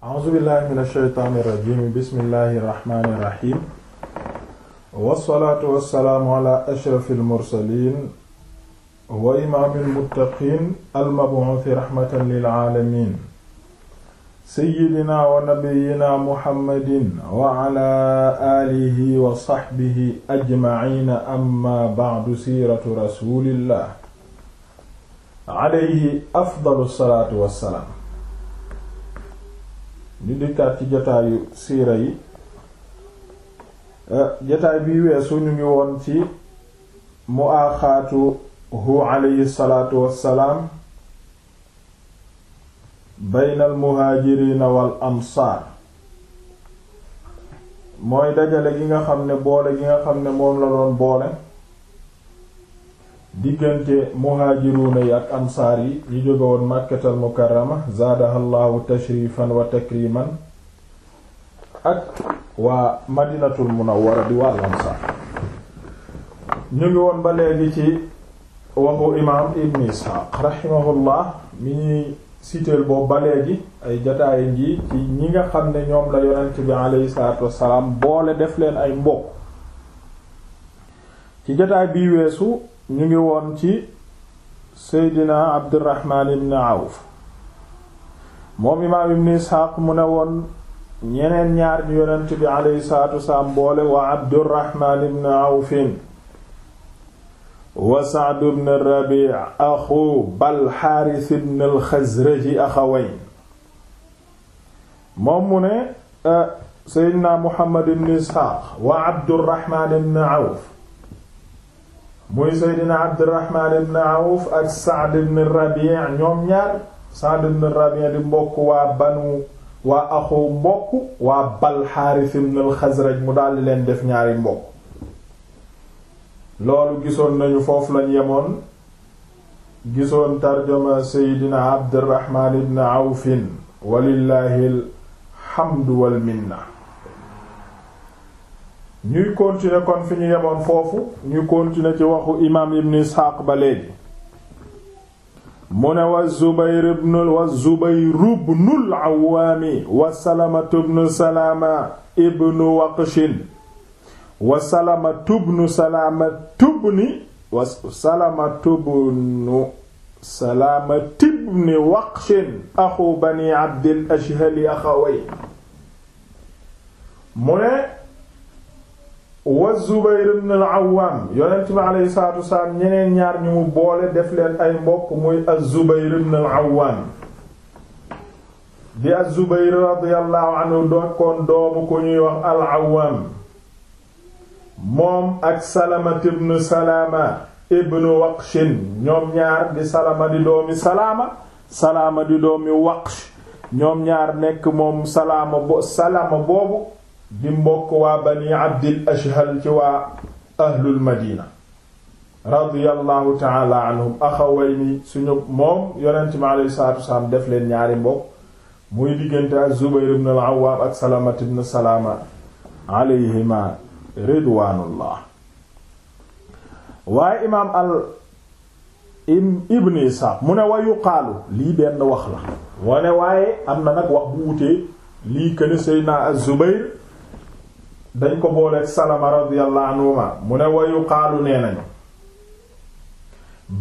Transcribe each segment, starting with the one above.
a'uuzu billahi min ashaytaani irrajim bismillahi irrahmani irrahim wassalaatu wassalaamu ala ashrafil mursaliin wa imaamil muttaqiin al-mab'uuthi rahmatan lil aalamiin sayyidinaa wa nabiyyinaa muhammadin wa ala aalihi wa sahbihi ajma'iina amma ba'du siiratu rasuulillah alayhi afdalu salaatu wassalaam ñu dikkaat ci jotaayu siira yi eh, jotaay bi weesu ñu ngi woon ci mu aaxaatuhu alayhi salaatu wassalaam bayna almuhaajiriina am ansaar mooy dajale gi nga xam ne boole gi nga xam ne moom la doon boole diggante muhaajiruuna yi ak ansaar yi ñu jóge woon màkkatal mukarrama zaadahallahu tashrifan wa takriman ak waa madinatul munawwara di wàll ansaar ñu ngi woon ba léegi ci waxu imaam ibn isxaaq rahimahullah mi ñuy siteel boobu ba léegi ay jataay ji ci ñi nga xam ne ñoom la yonent bi alayhi salaatu wassalaam boole def leen ay mbokk ci jataay bi weesu ñu ngi woon ci seydina abdirahmaan ibn awf moom imaam ibn isxaaq mu ne woon ñeneen ñaar ñu yonent bi aleyhi salaatu wasalaam boole wa abdirahmaan ibn awfin wa saad ibn rabi axu balxaaris ibn alxazraji axawayn moom mu ne eh, seydina muhammad ibn isxaaq wa abdirahmaan ibn awf muy seydina abdirahman ibn auf ak saad ibn rabi ñoom ñaar saad ibn rabi di mbokk waa banu waa axu mbokk waa balxaaris ibn alxasraj mu daldi leen def ñaari mbokk loolu gisoon nañu foofu lañ yemoon gisoon tarjama seydina abdirahman ibn aufin walillahi alhamdu walminna ñuy continuer kon fi ñu yemoon foofu ñu continuer ci waxu imaam ibn Isxaaq ba léegi mu ne wa Zubayr ibn wa Zubayr ibn al-Awwaami wa Salamatu ibn Salaama ibn Waqshin wa Salamatu ibn Salaamatu ibn wa Salamatu ibn Salaamatu ibn Waqshin axu Bani Abdil Ashhali axaway mu ne wa Zubayr ibn al-Awwam yonent bi alayhi ñeneen ñaar ñu mu boole def leen ay mbokk muy az-Zubayr ibn al-Awwam di az-Zubayr radiyallahu anhu dokkoon doomu ku ñuy wax al-Awwam moom ak Salama ibn Salama ibn Waqshin ñoom ñaar di Salama di doomi Salama Salama di doomi Waqsh ñoom ñaar nekk moom Salama bo boobu di mbokk waa bani abdil ashhal ci waa ahlul madina radiyallahu taala anhum axaway ni suñu moom yonent mi alayhi salaatu def leen ñaari mbokk muy diggante ak zubayr ibn al ak salamat ibn salaama alayhima ridwaanullah waaye imaam al ibn isaaq mu ne wa yuqaalu lii benn wax la wane waaye am na nag wax bu wutee lii këne seydna az-zubayr dañ ko booleeg salama radiyallahu anhuma mu ne wayu xaalu nee nañu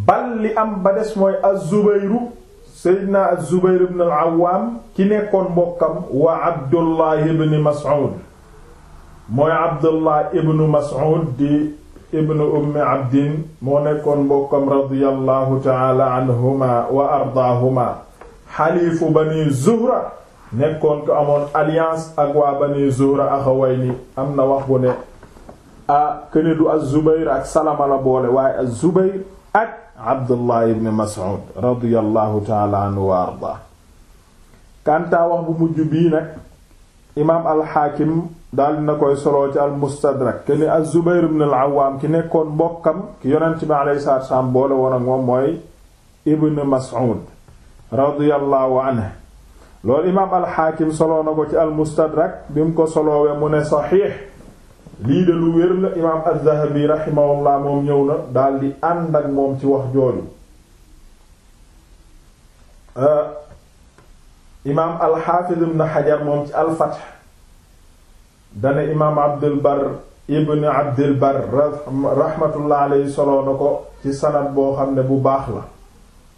bal li am ba des mooy az-Zubayru Seydina az-Zubayr ibn al-Awwam ki nekkoon mbokkam wa Abdullah ibn Mas'ud mooy Abdullah ibn Mas'ud di ibn ummi abdin moo nekkoon mbokkam radiyallahu ta'ala anhuma wa ardaahuma xaliifu bani Zuhra nekkoon ko amoon alliance ak waa bani Zuhra axawayni am na wax bu ne a këne du az ak Salama la boole waaye az ak Abdullah ibn Mas'ud radiyallahu ta'ala anhu wa arda kantaa wax bu mujj bii nag imaam al daal na koy soloo ci al-Mustadrak këne az-Zubayr ibn ki nekkoon mbokkam ki yonent bi alayhi salaatu wa boole woon ak ibn Mas'ud radiyallahu anhu loolu imaam alxaakim soloo na ko ci almustadrak bi mu ko soloowe mu ne saxiix lii de lu wér la imaam az-zahabi raximahullah moom ñëw na daldi ànd ak moom ci wax jooju euh, imaam alxaafiz ibn xajar moom ci alfath dana imaam abdul bar ibn abdul bar raxmatullah alayhi soloo na ko ci sanad boo xam ne bu baax la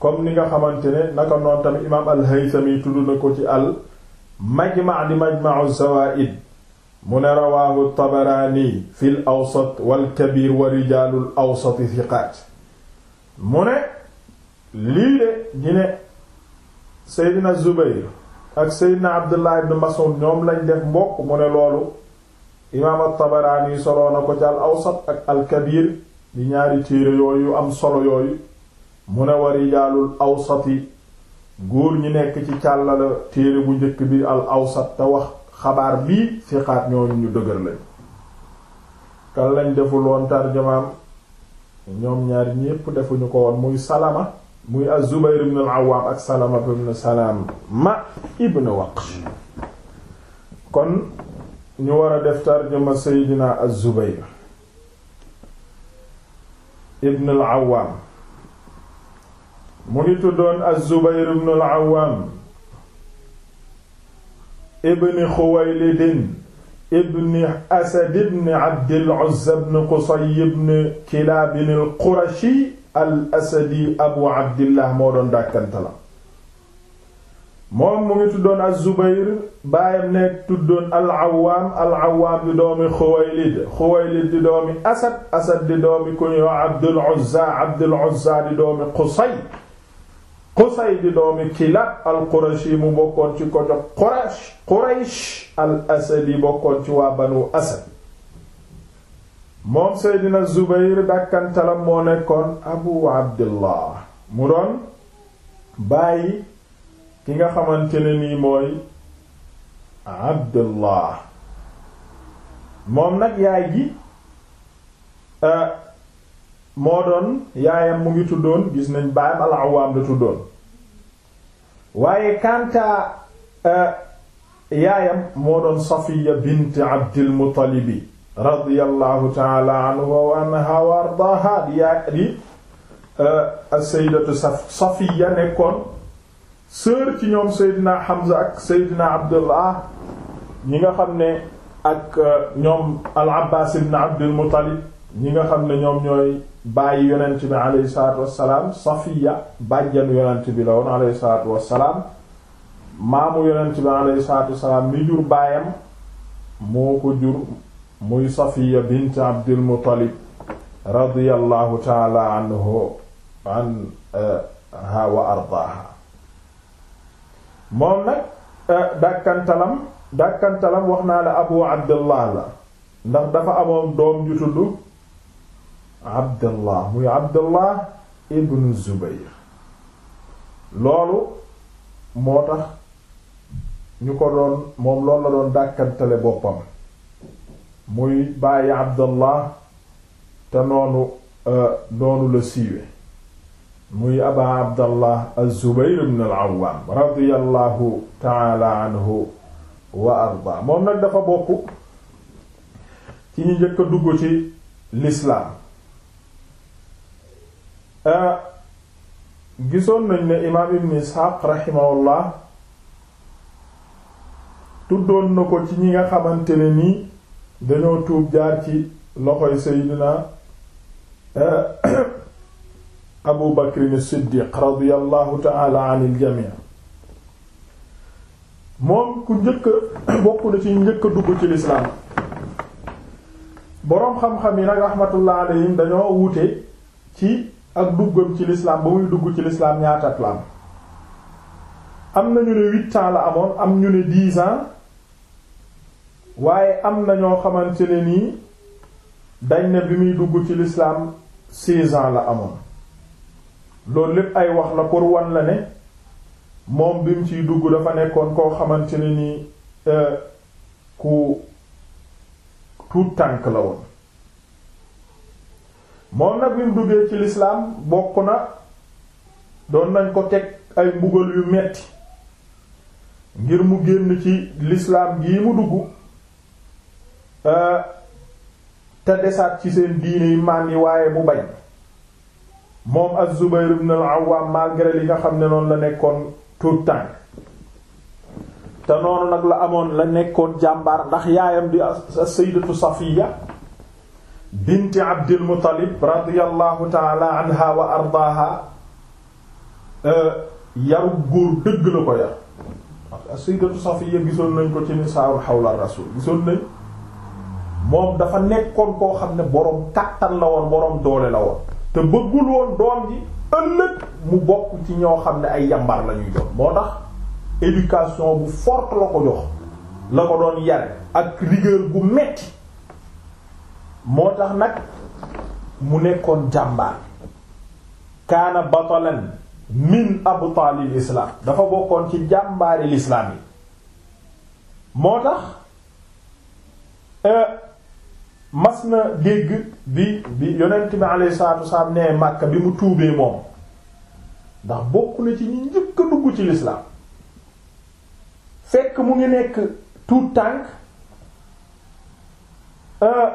comme ni nga xamante ne naka noonu tamit imaam al-Haythami tudd na ko ci al majma' di majma'u zawaa'id mu ne rawaahu tabaraani fi l awsat walkabir wa rijalul awsati thiqaat mu ne lii de ñi ne seydina zubair ak seydina abdullah ibn mas'ud ñoom lañ def mbokk mu ne loolu imaam at-tabaraani soloo ko ci al awsat ak alkabir di ñaari téere yooyu am solo yooyu mu ne wa rijaalul awsati góor ñi nekk ci càllal téere bu njëkk bi al awsat te wax xabaar bii siqaat ñooñu ñu dëgër lañ kan lañ deful woon ñoom ñaari ñépp defuñu ko woon muy salama muy az-Zubayr ibn al ak salama ibn salaam ma ibn Waqsh kon ñu war a def tarjama Seydina az-Zubayr mu ngi tuddoon az-Zubayr ibn al-Awwam ibn Khuwaylid ibn Asad ibn Abdil Uzza ibn Qusay ibn Kilaab al-Qurashi al-Asadi Abu Abdillah moo doon dàkkantala moom mu ngi tuddoon az-Zubayr baayam nekk tuddoon al-Awwaam al-Awwaam di doomi Xuwaylid Xuwaylid di doomi Asad Asad di doomi ku ñuy wax Abdul Uzza Abdul Uzza di doomi Qusay Qusay di doomi Kilaab al-Qurashi mu bokkoon ci ko jox Quraysh Quraysh al-Asadi bokkoon ci waa Banu Asad moom Seydina Zubayr dàkkantalam moo nekkoon Abu Abdillah mu doon bàyyi ki nga xamante ne nii mooy Abdillah moom nag yaay ji euh, moo doon yaayam mu ngi tuddoon gis nañ baayam al-Awaam la tuddoon waaye kanta euh, yaayam moo doon Safiya bint Abdil Muttalibi taala anhu wa anha wa ardaaha di di euh, as-sayyidatu Safiya nekkoon Seydina Hamza ak Seydina Abdullah ñi nga xam ne ak euh, ñoom al-Abbaas ibn Abdil ñi nga xam ne ñoom ñooy bàyyi yonent bi alayhi salaatu wassalaam Safiya bàjjan yonent bi la woon alayhi salaatu wassalaam maamu yonent bi alayhi salaatu wassalaam mi jur baayam moo ko jur muy Safiya bint Abdul Muttalib radiyallahu taala anhu anha eh, wa ardaaha moom nag eh, dàkkantalam dàkkantalam wax naa la Abu Abdullah la ndax dafa amoon doom ju abdallah muy abdallah ibnu zubayr loolu moo tax ñu ko doon moom loolu la doon dàkkantale boppam muy bàyyi abdallah te noonu euh, noonu la siiwe muy aba abdallah az-zubayr ibn al-awwam radiyallahu taala anhu wa arda moom nag dafa bokk ci ñu njëkk a dugg ci lislaam Euh, gisoon nañ ne imaam ibn isxaaq raximahullah tuddoon na ko ci ñi nga xamante ne nii dañoo tuub jaar ci loxoy seydina euh, abu bakrin siddiq radiallahu taala an iljami moom ku njëkk bokk na ci njëkk dugg ci lislaam boroom xam-xam yi nag raxmatullah alayhim dañoo wute ci ak duggam ci lislaam ba muy dugg ci lislaam ñaata at am am na ñu ne huit la amoon am ñu ne dix waaye am na ñoo xamante ne nii dañ ne bi muy dugg ci lislaam seize la amoon loolu lépp ay wax la pour wan la ne moom bi mu ciy dugg dafa nekkoon koo xamante ne nii euh, ku tuut tànk la woon moom nag bi mu duggee ci lislaam bokk na doon nañ ko teg ay mbugal yu metti ngir mu génn ci lislaam gii mu dugg euh, te desaat ci seen diine yi maan waaye bu bañ moom az-Zubayr ibn al-Awwam malgré li nga xam ne noonu la nekkoon tout temps te noonu nag la amoon la nekkoon jàmbaar ndax yaayam di as-Sayyidatu Safiya binti Abdil Muttalib radiyallahu taala anha wa ardaaha euh, yaru góor dëgg la ko yar sayyidatu Safiya gisoon nañ ko ci nisaaru xawla rasul gisoon nañ moom dafa nekkoon koo xam ne boroom kàttan la woon boroom doole la woon te bëggul woon doom ji ëllëg mu bokk ci ñoo xam ne ay yambar la ñuy jox moo tax éducation bu forte la ko jox la ko doon yare ak rigueur bu metti moo tax nag mu nekkoon jàmbaar kaana batalan min abtaalil islaam dafa bokkoon ci jàmbaari lislaam yi moo tax euh, mas na dégg bi bi yonent bi salaatu wasalaam nee Makka bi mu tuubee moom ndax bokk na ci ñi njëkk ci lislaam fekk mu ngi nekk tuut tànk euh,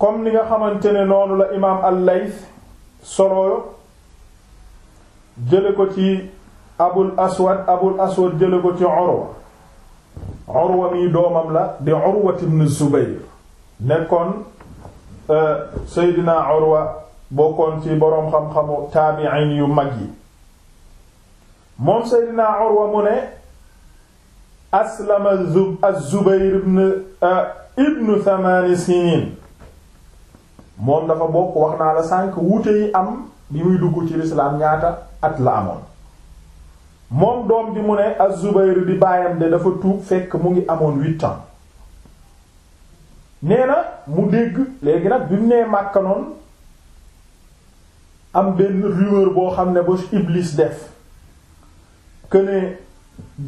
comme ni nga xamante ne noonu la imaam al-Layth jële ko ci abul aswad abul aswad jële ko ci Urwa Urwa mi doomam la di Urwa ibn Zubayr nekkoon euh, Seydina Urwa bokkoon ci boroom xam-xamu taabi'in yu mag yi moom Seydina Urwa mu ne aslama az-Zubayr ibn euh, ibn thamani sinin moom dafa bokk wax naa la sànq wuute yi am bi muy dugg ci lislaam ñaata at la amoon moom doom bi mu ne az-Zubayr di baayam de dafa tuub fekk mu ngi amoon huit ans nee na mu dégg léegi nag bi mu nee Màkka noonu am benn rumeur boo xam ne ba Iblis def que ne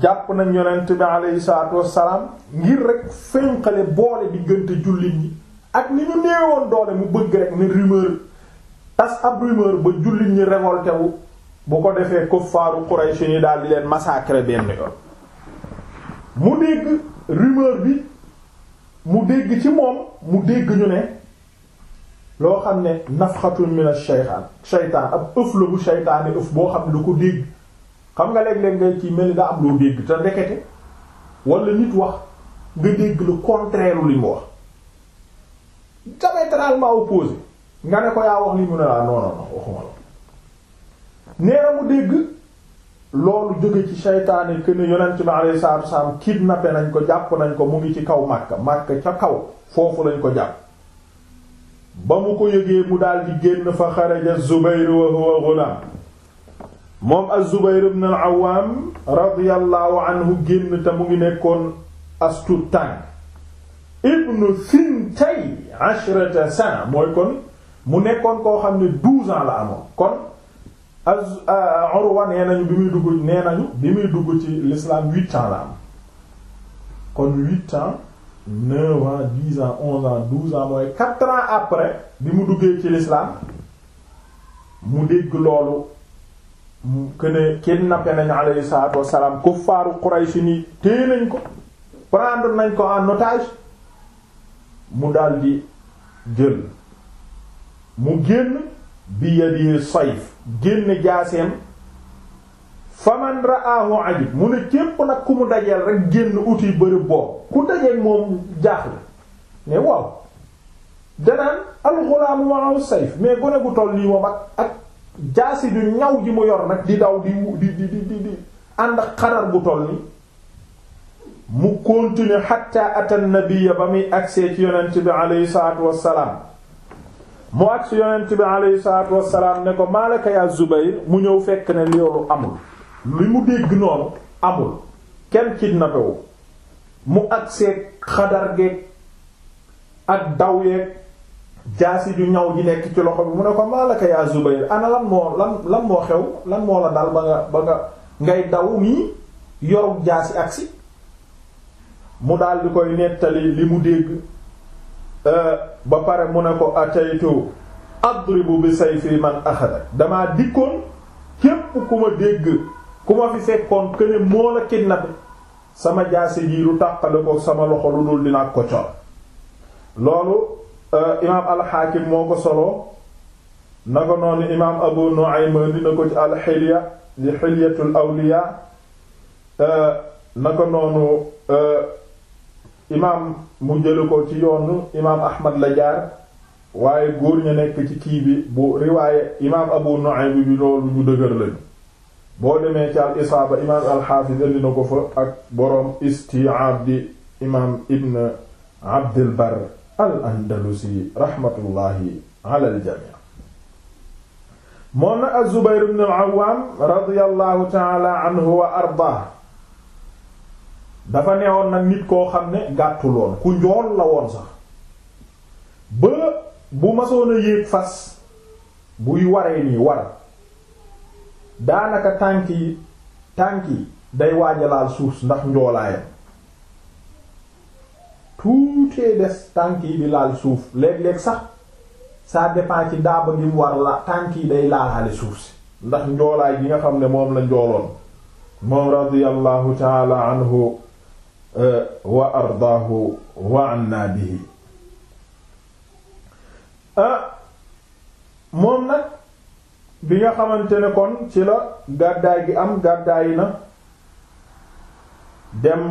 jàpp nañ yonent bi aleyhi salaatu wassalaam ngir rek fénqale boole diggante jullit ñi ak ni ñu néewoon doole mu bëgg rek ni rumeur tas ab rumeur ba jullit ñi révolté wu bu ko defee kuffaaru Quraysh ni daal di leen massacrer benn yoon mu dégg rumeur bi mu dégg ci moom mu dégg ñu ne loo xam ne nafxatun min ash-shaytaan shaytaan ab ëf la bu shaytaane ëf boo xam ne lu ko dégg xam nga léeg-léeg ngay ci mel ni daa am loo dégg te ndekete wala nit wax nga dégg lu contraire li mu wax diamétralement opposé nga ne ko yaa wax li mu ne laa non non waxuma la nee na mu dégg loolu jóge ci seytaane que ne yonent bi alayhi salaatu wasallam kidnappé nañ ko jàpp nañ ko mu ngi ci kaw Makka Makka ca kaw foofu lañ ko jàpp ba mu ko yëgee mu daal génn fa xaraja Zubayr wa huwa ghulam moom az-Zubayr ibn al-Awwam radiyallahu anhu génn te mu ngi nekkoon astu tànk ibnu thintay ashrata sana mooy kon mu nekkoon koo xam ne douze ans la amoon kon az euh, Urwa nee nañu bi muy dugg nee nañu bi muy dugg ci l'islam huit ans la am kon huit ans neuf ans dix ans onze ans douze ans mooy quatre ans après bi mu duggee ci l'islam mu dégg loolu que ne kidnappé nañu alayhi salaatu wassalaam kuffaaru Quraysh ni téye nañ ko prendre nañ ko en notage mu daldi jël mu génn bi yadi sayf génn jaaseem faman raahu ajib mu ne képp nag ku mu dajeel rek génn uti bërëb boobu ku dajeel moom jaaxle mais waaw danaan alxulaamu ma'ahu sayf mais gone gu toll lii moom ak ak jaasi du ñaw ji mu yor nag di daw di di di di di ànd xarar bu toll nii mu continuer xatta ata nabiyya ba muy agsee ci yonent bi aleyhi salaatu wassalaam mu agsi yonent bi aleyhi salaatu wassalaam ne ko maalaka yaa Zubayr mu ñëw fekk ne loolu amul li mu dégg noonu amul kenn kidnappé wu mu agsee xadar geeg ak daw yeeg jaasi ju ñaw ji nekk ci loxo bi mu ne ko maalaka yaa Zubayr ana lan moo lan lan moo xew lan moo la dal ba nga ba nga ngay daw nii yoru jaasi agsi mu daal di koy nettali li mu dégg euh, ba pare mu ne ko ataytu adribu bi sayfi man axadak damaa dikkoon képp ku ma dégg ku ma fi fekkoon këne moo la kidnappé sama jaase jii lu sama loxo lu dul dina ko cor loolu euh, imaam alxaakim moo ko solo na ko noonu imaam abu nu'aym dina ko ci alxilya di xilyatul awliya euh, na ko noonu imaam mu jëlu ko ci yoonu imaam ahmad la jaar waaye góor ñu nekk ci kii bi bu riwaaye imaam abu nu'aym bi loolu ñu dëgër lañu boo demee ci al isaaba imaam alxaafis indi na ko fa ak boroom isti'aab di imaam ibn abdil bar al andalusi raxmatullaahi ala al jamii moom az-zubayr ibn al awaam radiyallahu taala anhu wa ardaa dafa newoon nag nit koo xam ne gàttuloon ku njool la woon sax ba bu masoon a yéeg fas buy waree nii war daanaka tànk yi tànk yi day suuf ndax njoolaayam tuutee des tànk yi di laal suuf léeg-léeg sax ça dépend ci daaba gi war la tànk yi day laalaale suuf si ndax njoolaay gi nga xam ne moom la njooloon moom radiyallahu taala anhu Eh, wa ardaahu wa anna bihi eh, moom nag bi nga xamante ne kon ci la gàddaay gi am gàddaayi na dem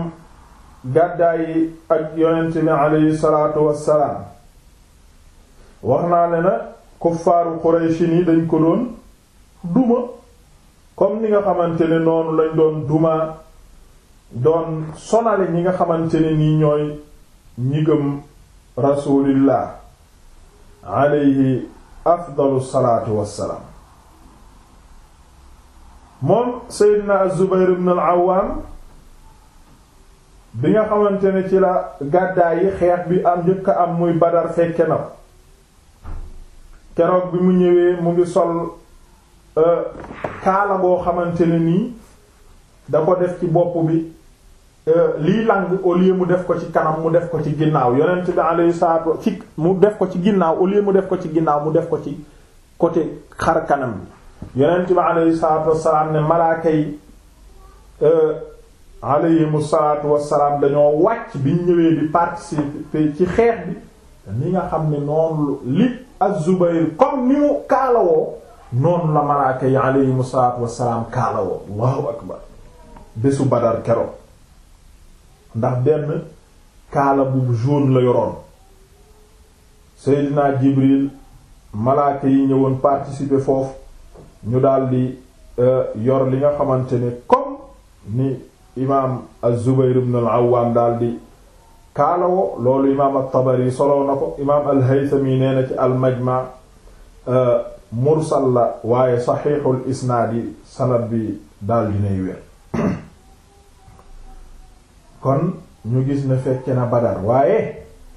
gàddaayi ak yonent bi aleyhi salaatu wassalaam wax naa ne na kuffaaru Quraysh ni dañ ko doon duma comme ni nga xamante ne noonu lañ doon duma doon sonale ñi nga xamante ne nii ñooy ñi gëm rasulillah alayhi afdalu salaatu wassalaam moom Seydina Az-Zubayr ibn al bi nga xamante ne ci la gàddaay yi xeex bi am njëkk am muy Badar fekke na keroog bi mu ñëwee mu ngi sol euh, kaala boo xamante ne nii da ko def ci bopp bi Euh, liy lang au lieu mu def ko ci kanam mu def ko ci ginnaaw yonent bi alayhi salaatu ci mu def ko ci ginnaaw au lieu mu def ko ci ginnaaw mu def ko ci côté xar kanam bi yonent bi alayhi salaatu wassalaam ne malaaka yi euh, alayhimu salaatu wassalaam dañoo wàcc bi ñëwee di participer ci xeex bi ni nga xam ne noonu li az-Zubayr comme ni mu kaalawoo noonu la malaaka yi alayhimu salaatu wassalaam kaalawoo allahu akbar bésu Badar keroog ndax benn kaala bu jaune la yoroon Seydina Jibril malaaka yi ñëwoon participer foofu ñu daldi euh, yor li nga xamante ne comme ni imaam az-Zubayr ibn al-Awwam daldi kaalawoo loolu imaam at-Tabari soloo na ko imaam al-Haythami nee ci al-Majma euh, mursal la waaye saxiixul isnaad yi sanad bi daldi nay wér kon ñu gis ne fekke na Badar waaye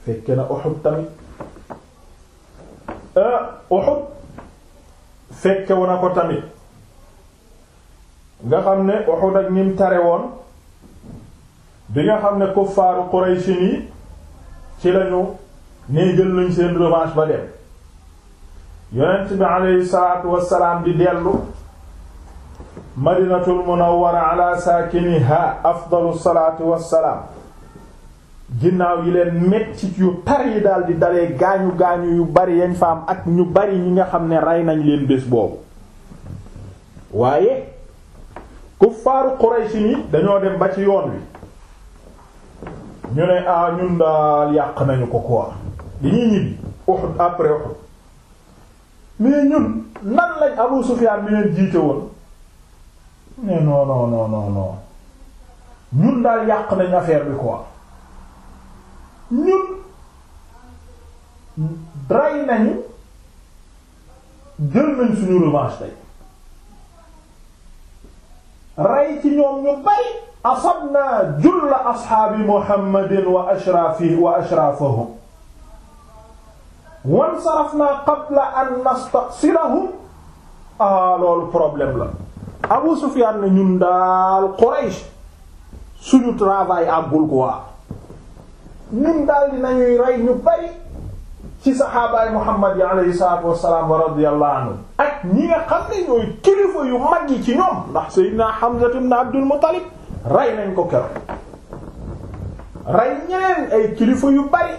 fekke na Uhud tamit euh, Uhud fekkewu na ko tamit nga xam ne Uhud ak ñim tare woon bi nga xam ne kuffaaru Quraysh yi ci lañu nee jël nañ seen revanche ba dem yonent bi alayhi salaatu wassalaam di dellu madinatul munawwara ala saakiniha afdalu salaatu wassalaam ginnaaw yi leen mettit yu tar yi daal di dalee gaañu gaañu yu bari yañ fa ak ñu bari ñi nga xam ne rey nañ leen bés boobu waaye kuffaaru Quraysh ni dañoo dem ba ci yoon wi ñu ne ah ñun daal yàq nañu ko quoi dañuy ñibbi Uhud après Uhud mais ñun nan lañ Abu Sufyaan mi leen jiite woon ne non non non non non ñun daal yàq nañ affaire bi quoi ñun rey nañu jël nañ suñu revanche tey rey ci ñoom ñu bari asabna julla asxaabi muhammadin wa ashrafi wa ashrafahum wansarafna qabla an nastasirahum a ah, loolu problème la Abu Sufyan na ñun daal Quraysh suñu travail àggul quoi ñun daal dinañuy rey ñu bari ci saxaabaay Muhammad yi alayhi salaatu wassalaam wa radiyallahu anhu ak ñi nga xam ne ñooy yu mag yi ci ñoom ndax Seydina Hamza ibn Abdul Muttalib rey nañ ko keroog rey ñeneen ay kilifa yu bari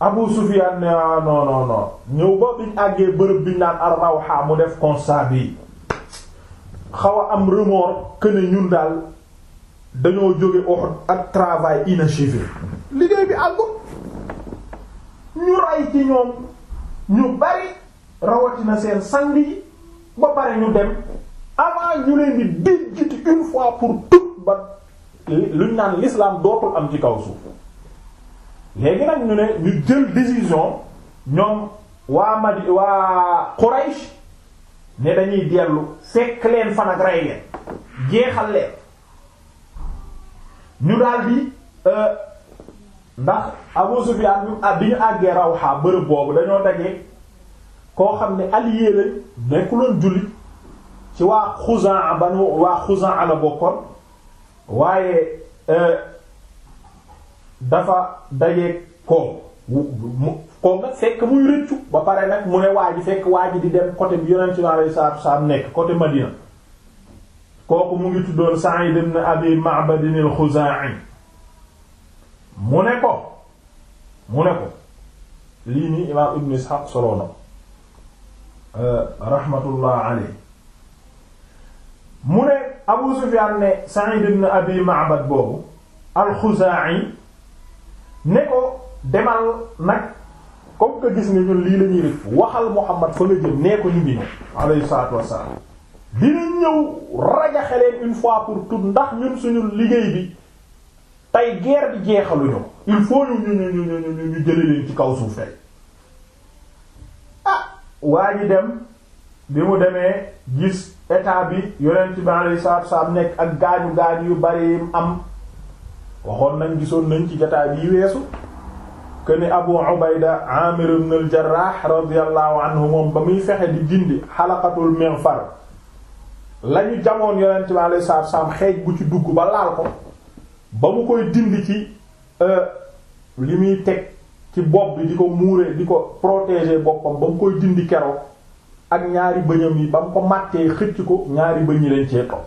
Abu Sufyan ne ah, non non non bërëb biñ naan ar-Rawha mu def constat bi xaw a am remords que ñun daal dañoo jóge Uhud ak travail inachevé liggéey bi àggul ñu rey ci ñoom ñu bari rawatina seen sang yi ba pare ñu dem avant ñu leen di déjjiti une fois pour toutes ba luñ naan l'islam dootul am ci kaw suuf léegi nag ñu ne ñu jël décision ñoom waa Madi waa Quraysh ne dañuy dellu sekk leen fan ak rey leen jeexal leen ñu daldi euh, ndax Abu Sufyan ñu ah bi ñu àggee Rawha bërëb boobu dañoo dajee koo xam ne allié lañ nekkuloon jullit ci waa Xuzaa banu waa Xuzaa la bokkoon waaye euh, dafa dajee ko kooku nag fekk muy rëccu ba pare nag mu ne waa ji fekk waa ji di dem côté bi yonent bi alayhi salaatu nekk côté Madina kooku mu ngi tuddoon Sa'id ibn Abi Ma'bad al-Khuzaa'i mu ne ko mu ne ko lii nii Ibn Ishaq solo na euh, rahmatullah alayhi mu ne Abu Sufyaan ne Sa'id ibn Abi Ma'bad boobu al ne ko demal nag comme que gis ni ñun lii la ñuy def waxal Muhammad fa nga jëm nee ko ñu ngi ñëw alayhi salaatu wassalaam dinañ ñëw rajaxe une fois pour toutes ndax ñun suñu liggéey bi tey guerre bi jeexaluñu il faut ñu ñu ñu ñu ñu jëlee ci kaw suuf tey ah waa dem bi mu demee gis état bi yonent bi alayhi salaatu wassalaam nekk ak gaañu gaañu yu bari am waxoon nañ gisoon nañ ci jotaay bi weesu. këni Abu Ubayda Amir ibn al-Jarrah radiyallahu moom ba muy fexe di dindi xalaqatul mighfar lañu jamoon yonent bi alayhi salaatu salaam xeej gu ci dugg ba laal ko ba mu koy dindi ci euh, li muy teg ci bopp bi di ko muuree di ko protéger boppam ba mu koy dindi keroog ak ñaari bëñam yi ba mu ko màttee xëcc ko ñaari bëñ yi lañ cee toog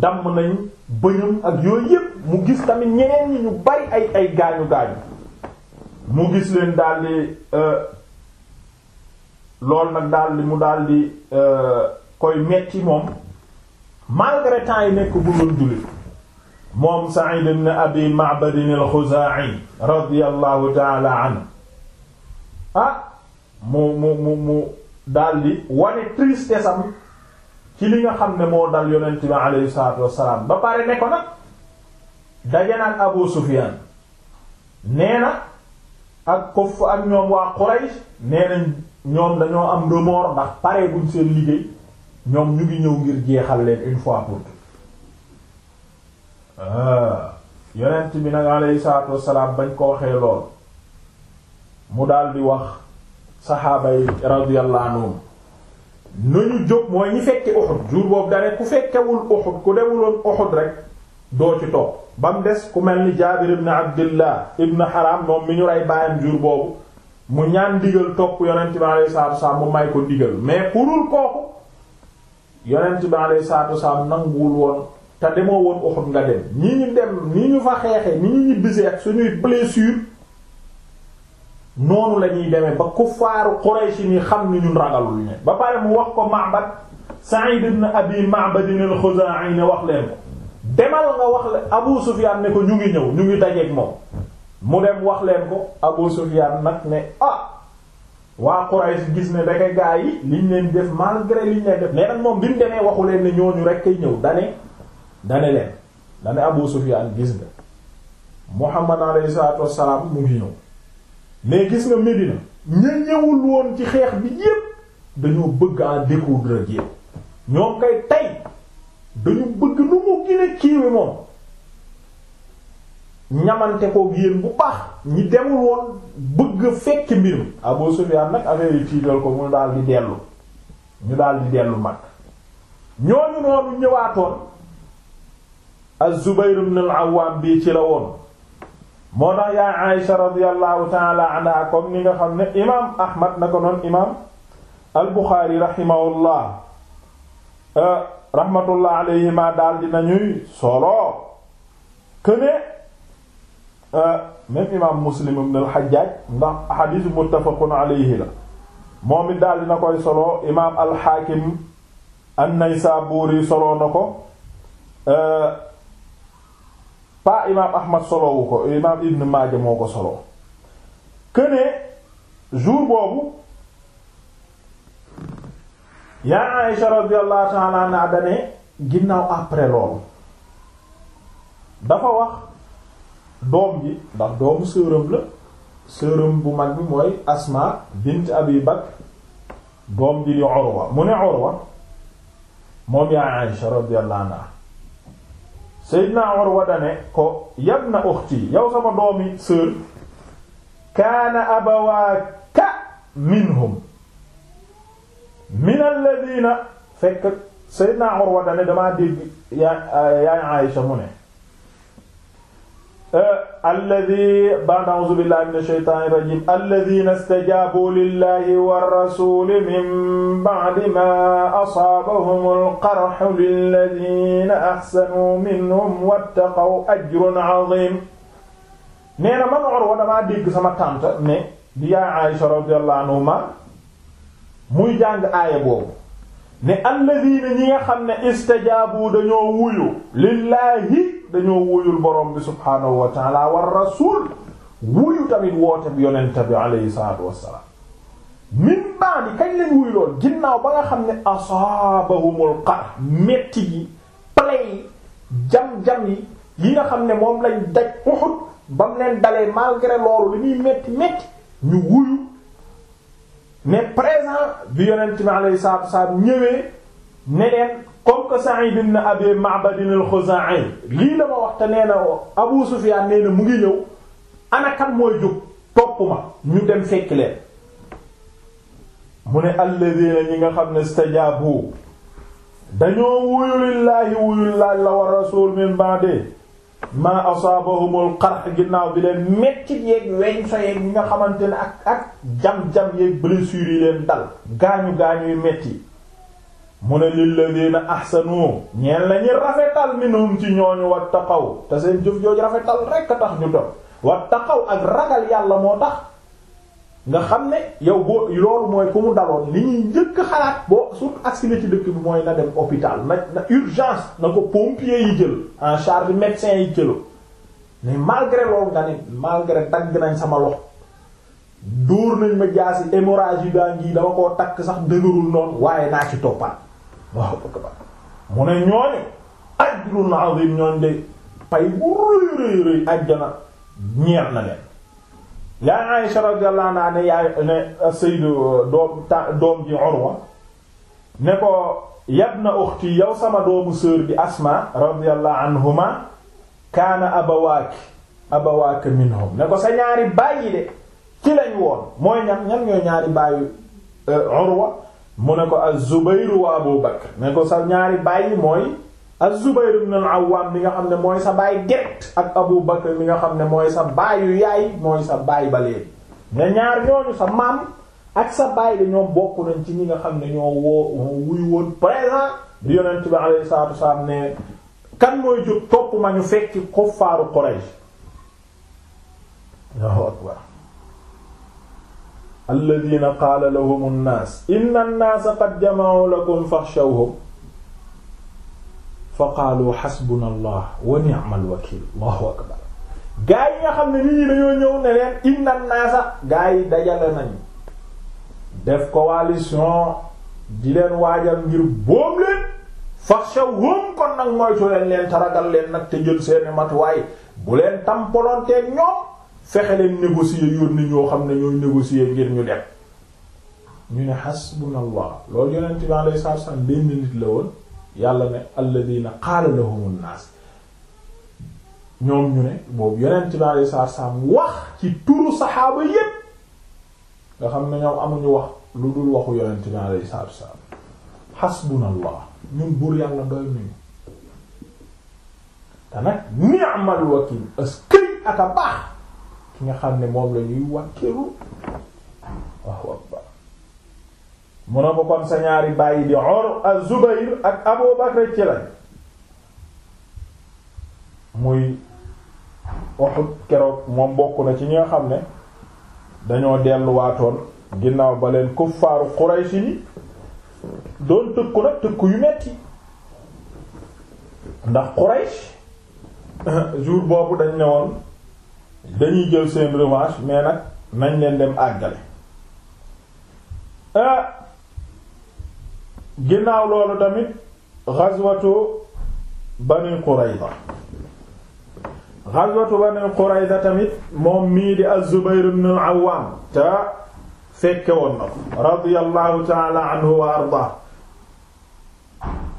damm nañ bëñam ak yooyu yépp mu gis tamit ñeneen ñi ñu bari ay ay gaañu gaañu mu gis leen daldi euh, lool nag daldi mu daldi euh, koy metti moom malgré temps yi nekk bu doon jullit moom Sa'id ibn Abi Ma'bad al-Khuzaa'i radiyallahu ta'ala ah, mu mu mu mu daldi wane tristesse am ci li nga xam ne moo dal yonent bi alayhi salaatu wassalaam ba pare ne ko nag daje Abu Sufyaan nee na ak kof ak ñoom waa Quraysh nee nañ ñoom dañoo am remords ndax pare buñ seen liggéey ñoom ñu ngi ñëw ngir jeexal leen une fois pour tout ah, yonent bi nag alayhi salaatu wassalaam bañ ko waxee lool mu daldi wax saxaaba yi radiyallahu anhum nañu jóg mooy ñi fekke Uhud jour boobu dare ku fekkewul Uhud ku demuloon Uhud rek doo ci topp ba mu des ku mel ni jaabir ibn abdillah ibn haram moom mi ñu rey baayam jur boobu mu ñaan digal topp yonent bi alayhi salaatu wasalaam mu may ko digal mais kurul kooku yonent bi alayhi salaatu wasalaam nanguwul woon te demoo woon Uhud nga dem ñi ñu dem ni ñu fa xeexe ni ñu ñibbisee ak suñuy blessure noonu la ñuy demee ba kuffaaru Quraysh ni xam ni ñun ragalul ne ba pare mu wax ko Ma'bad Sa'id ibn Abi Ma'bad al-Khuzaa'i ne wax leen demal nga wax la Abu Sufyan ne ko ñu ngi ñëw ñu ngi dajeeg moom mu dem wax leen ko Abu Sufyan nag ne ah waa Quraysh gis ne danga gaa yi liñ leen def malgré liñ leen def moom bi mu waxu leen ne ñooñu rek kay ñëw dane dane leen dane Abu Sufyan gis nga Muhammad alayhi salaatu mu ngi ñëw mais gis nga Medina ña ñëwul woon ci xeex bi yépp dañoo bëgg en découdre ak ñoom kay tey dañu bëgg lu mu gën a kiiwe moom ñamante ko yéen bu baax ñi demul woon bëgg fekk mbir mi Abu Sufyaan nag affaire yi ko mu daal di dellu ñu daal di dellu mag ñooñu noonu ñëwaatoon az-Zubayr ibn al-Awwam bii ci la woon moo tax yaa Aisha radiyallahu ta'ala anha comme ni nga xam ne imaam Ahmad na ko noon imaam al-Bukhari rahmatullah alayhima daal dina ñuy solo këne euh, même imaam muslim ibn al-Hajjaj ndax hadith muttafaqun alayhi la moom it daal dina koy solo imaam al-Hakim an-Naysaburi solo na ko euh, pa imaam Ahmad solowu ko imaam Ibn Maaja moo ko solo këne jour boobu yaa Aïsha radiyallahu ta'ala anha dane ginnaaw après loolu dafa wax doom ji ndax doomu sërëm la sërëm bu mag bi mooy Asma bint Abi Bakr doom ji li Urwa mu ne Urwa moom yaa Aïsha radiyallahu anha Seydina Urwa dane ko yabna ukhti yow sama doomi sër kaana abawaaka minhum min alladina fekk Seydina Urwa dane damaa dégg euh, yaay yaay Aïsha mu ne euh, alladi ba'da a'uuzu billahi mina shaytaani rajiim alladina stajaabu lillahi wa rasuuli min ba'di maa asaabahumul qarhu lilladina ahsanuu minhum wattaqaw ajrun aziim nee na man Urwa damaa dégg sama tante ne di yaay Aïsha radiyallahu anha muy jàng aaya boobu ne alladina ñi nga xam ne istajaabu dañoo wuyu lillaahi dañoo wuyul borom bi subhaanahu wa taala war rasul wuyu tamit woote bi yonente bi alayhi salaatu wassalaam min baadi kañ lañ wuyu lool ginnaaw ba nga xam ne asaabahumul qar metti yi play jam-jam yi yi nga xam ne moom lañ daj Uhud bam leen dalee malgré loolu li ñuy metti metti ñu wuyu mais présent bi yonent mi alayhi salaatu ñëwee ne leen comme que Sa'id ibn Abi Ma'bad al-Khuza'i lii la ma wax nee na Abu Sufyan nee na mu ngi ñëw ana mooy jóg topp ma ñu dem fekk leen mu ne alladhina ñi nga xam ne istajabu dañoo wuyu lillaahi wuyu lillaahi la wa rasul min ba'di maa asaabahumul qarh ginnaaw bi leen mettit yeeg weñ sa yeeg ñi nga xamante ne ak ak jam-jam yeeg blessures yi leen dal gaañu-gaañuy metti mu ne lilladina ahsanu ñeen la rafetal minhum ci ñooñu wattaqaw te seen jëf jooju rafetal rekk tax ñu dox wattaqaw ak ragal yàlla moo tax nga xam ne yow boo loolu mooy ku mu daloon li ñuy njëkk xalaat boo surtout agsi na ci dëkk bi mooy na dem hôpital na urgence na ko pompier yi jël en charge médecin yi jëlo mais malgré loolu nga ne malgré dagg nañ sama loxo dóor nañ ma yi hémorragie yi daan ngi dama koo takk sax dëgërul noonu waaye naa ci toppaat waaw mu ne ñooñu ajrun azim ñooñ de pay bu ajjana ñeer na leen yaa Aisha radiyallahu anha ne yaay ne sayyidu doom ta doom ji Urwa ne ko yabna ukhti yow sama doomu sœur bi Asma radiyallahu anhuma kaana abawaaki abawaaki minhum ne ko sa ñaari bàyyi de ci lañ woon mooy ñam ñam ñooy ñaari bàyyi euh, Urwa mu Abu Bakr ne ko sa ñaari bàyyi mooy az-Zubayr ibn al-Awwam bi nga xam ne mooy sa baay get ak Abu Bakr mi nga xam ne mooy sa baayu yaay mooy sa baay ba léegi ne ñaar ñooñu sa maam ak sa baay dañoo bokk nañ ci ñi nga xam ne ñoo woo wuy woon présent bi alayhi ne kan mooy jóg topp ma ñu fekk kuffaaru Quraysh Allahu akbar alladhina qaala lahum an-naas inna an-naasa qad jama'u lakum fakhshawhum fa qaalu xasbuna allah wa ni'mal wakiil allahu akbar gaa yi nga xam ne nit ñi dañoo ñëw ne leen inna naasa gaa yi dajale nañu def coalition di leen waajal ngir boom leen faxshawhum kon nag moytu leen leen taragal leen nag te jël seeni matuwaay bu leen tampalonteeg ñoom fexe leen négocier yónni ñoo xam ne ñooy négocier ngir ñu dem ñu ne xasbuna allah loolu yonent bi alayhi wa salaam benn nit la woon yàlla ne alladina qaala lahumun naas ñoom ñu ne boobu yonent bi alayhi salaatu salaam wax ci turu saxaaba yépp nga xam ne ñoom amuñu wax lu dul waxu yonent bi alayhi salaatu salaam xasbunallah ñun buur yàlla doy nañu te nag ni'mal wakiil as këy ak a baax ki nga xam ne moom la ñuy wàkkeelu mu ne ma kon sa ñaari bàyyi di Urwa ak Zubayr ak Abu Bakr ci lañ muy Uhud keroog moom bokk na ci ñi nga xam ne dañoo delluwaatoon ginnaaw ba leen kuffaaru Quraysh ni doon tëkku nag tëkku yu metti ndax Quraysh jour boobu dañ ne woon dañuy jël seen revanche mais nag nañ leen dem àggale ah, ginnaaw loolu tamit ghazwatu bani qurayza ghazwatu bani qurayza tamit moom mii di az-zubayr ibn al te fekke woon na ko radiyallahu ta'ala anhu wa arda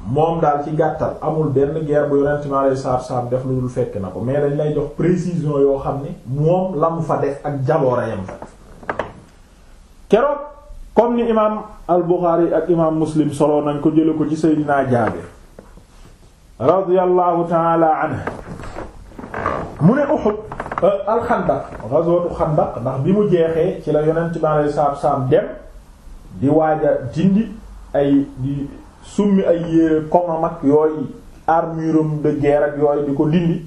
moom daal ci gàttal amul benn guerre bu yonent mi alayhi salaatu salaam def lu dul fekk na ko mais dañ lay jox précision yoo xam ne moom la mu fa def ak jaloore yam fa keroog comme ni imaam al Buxaari ak imaam Muslim solo nañ ko jële ko ci Seydina Jaabir radiyallahu taala anhu mu ne Uhud euh, al Xandaq Xandaq ndax bi mu jeexee ci la yonent bi alayhi salaatu salaam dem di waaj a dindi ay di summi ay yére komam ak yooyu armure de ak yooyu di ko dindi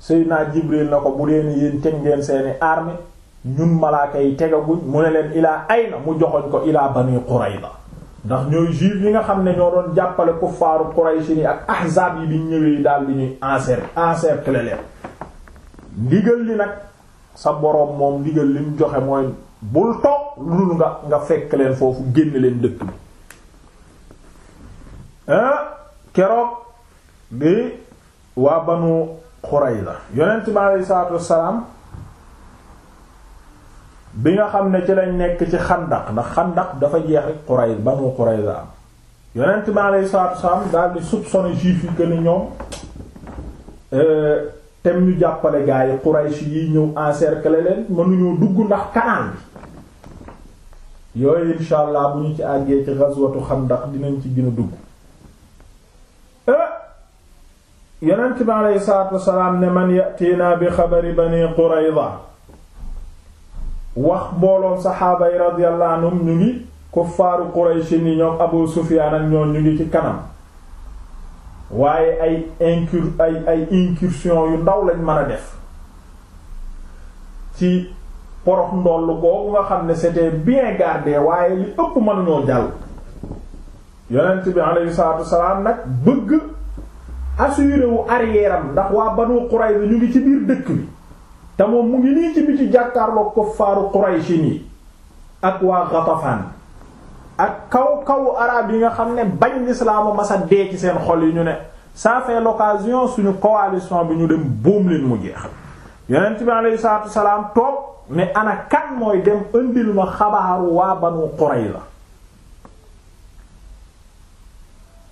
Seydina Jibril na ko bu dee yéen teg ngeen seeni armée ñun malaaka yi tegaguñ mu ne leen ilaa ayna mu joxoñ ko ilaa bani la ndax ñooy juif yi nga xam ne ñoo doon jàppale kuffaaru Quraysh ni ak ahzaab yi bi ñëwee daal di ñuy encercler encercler leen ndigal li nag sa boroom moom ndigal li mu joxe mooy bul toog lu dul nga nga fekk leen foofu génn leen dëkk bi ah, keroog bi waa banu la yonent bi aleyhi salaatu wassalaam bi nga xam ne ci lañ nekk ci xandaq ndax xandaq dafa jeex rek Qurayza Banu Qurayza am yonent bi alayhi salaatu salaam daal di soupçonner juif yi que ni ñoom euh, tem ñu jàppale gaa yi Quraysh yi ñëw encercler leen mënuñoo dugg ndax kanaan bi yooyu insha allah bu ñu ci àggee ci ghazwatu xandaq dinañ ci gën a dugg euh, yonent bi alayhi salaatu salaam ne man yatiina bi xabari Bani Qurayza wax mbooloom saxaaba yi radiyallahu ñu ngi kuffaaru Qurayshi ni ñoom Abu Sufyaan ak ñoom ñu ngi ci kanam waaye ay incur ay ay yu ndaw lañ mën a def ci porox ndollu boobu nga xam ne c'était bien gardé waaye li ëpp mën ñoo jàll yonent bi alayhi salaatu wasalaam nag bëgg assuré wu arrière ndax waa Banu Qurayza ñu ngi ci biir dëkk bi te moom mu ngi nii ci biti jàkkaarloo ko faaru Qurayshi ni ak waa Ghatafan ak kaw kaw arab yi nga xam ne bañ lislaamu masa dee ci seen xol yi ñu ne ça fait l'occasion suñu coalition bi ñu dem boom leen mu jeex yonent bi aleyhi salaam toog ne ana kan mooy dem indil ma xabaaru waa Banu Qurayza la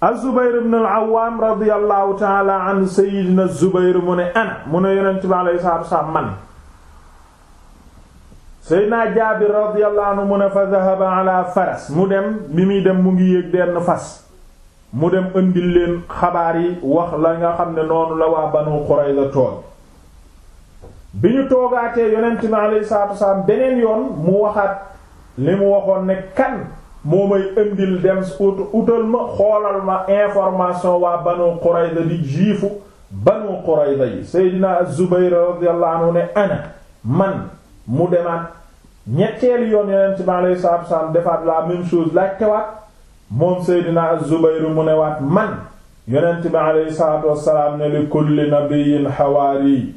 az-Zubayr ibn al-Awwam radiyallahu ta'ala an sayyidina Zubayr mu ne ana mu ne yonent bi alayhi salaatu salaam man Seydina Jaabir radiyallahu mu ne fa dhahaba ala faras mu dem bi muy dem mu ngi yéeg benn fas mu dem ëndil leen xabaar yi wax la nga xam ne noonu la waa Banu Qurayza toog bi ñu toogaatee yonent bi alayhi salaatu salaam beneen yoon mu waxaat li mu waxoon ne kan moo may indil dem utal ma xoolal ma information waa Banu Qurayza di jiifu Banu Qurayza yi Seydina Az-Zubayr radiyallahu ne ana man mu demaat ñetteelu yoon yeneen ci ma alayhi salaatu salaam defaat la même chose laaj moom Seydina Az-Zubayr mu newaat man yonent bi aleyhi ne li kulli nabiyin xawaari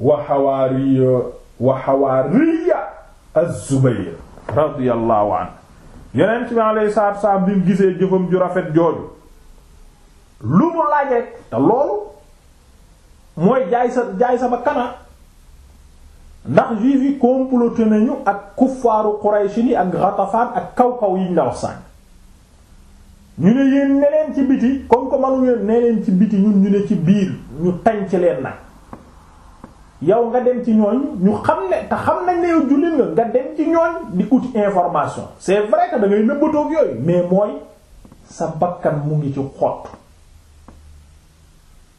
wa xawaariya az-Zubayr radiyallahu anhu yeneen ci maa lay saab saab bi mu gisee jëfam ju rafet jooju lu mu laaj rek te loolu mooy jaay sa jaay sa ba kana ndax juif yi comploté nañu ak kuffaaru Quraysh ni ak Ghatafan ak kaw-kaw yiñ la wax sànq ñu ne yéen ne leen ci biti comme que manu ngeen ne leen ci biti ñun ñu ne ci biir ñu tànc leen nag yow nga dem ci ñooñ ñu xam ne te xam nañ ne yow jullit nga nga dem ci ñooñ di uti information c'est vrai que da yooyu mais mooy sa bakkan mu ngi ci xot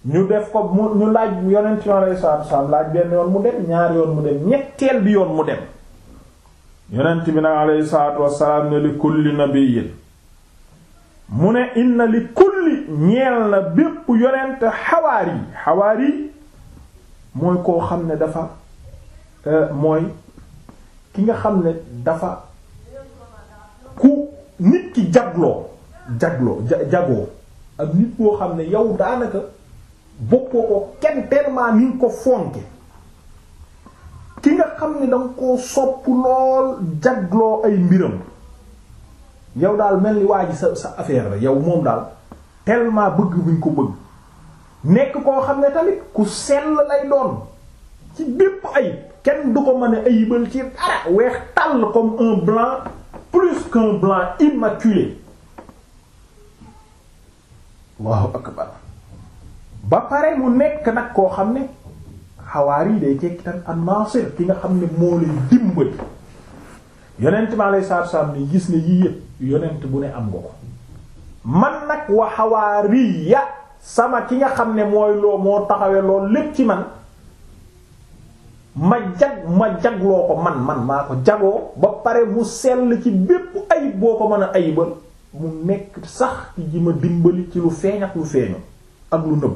ñu def ko mu ñu laaj yonent yoon alei salatu salaam laaj benn yoon mu dem ñaar yoon mu bi yoon mu dem yonent bi nag aleyhi ne li kulli nabiyyin mu ne inna li kulli ñeel na bépp yonent xawaar yi xawaar yi mooy koo xam ne dafa euh, mooy ki nga xam ne dafa ku nit ki jagloo jagloo jagoo ak nit koo xam ne yow daanaka bokkoo ko kenn tellement ni nga ko fonke ki nga xam ne danga koo sopp lool jagloo ay mbiram yow daal mel ni waa ji sa sa affaire la yow moom daal tellement bëgg buñ ko bëgg nekk koo xam ne tamit ku sell lay doon ci bépp ayib kenn du ko mën a ayibal ci dara weex tàll comme un blanc plus qu'un blanc immaculé Allahu akbar ba pare mu nekk nag koo xam ne xawaar yi day cekki tam ki nga xam ne moo lay dimbali yonent maa lay saab saab ni gis ne yii yëpp yonent bu ne am nga ko man nag wa xawaariya sama ki nga xam ne mooy loo moo taxawee loolu lépp ci man ma jag ma jagloo ko man man maa ko jagoo ba pare mu sell ci bépp ayib boo ko mën a ayibal mu nekk sax ci ji ma dimbali ci lu feeñ ak lu feeñu ak lu nëbb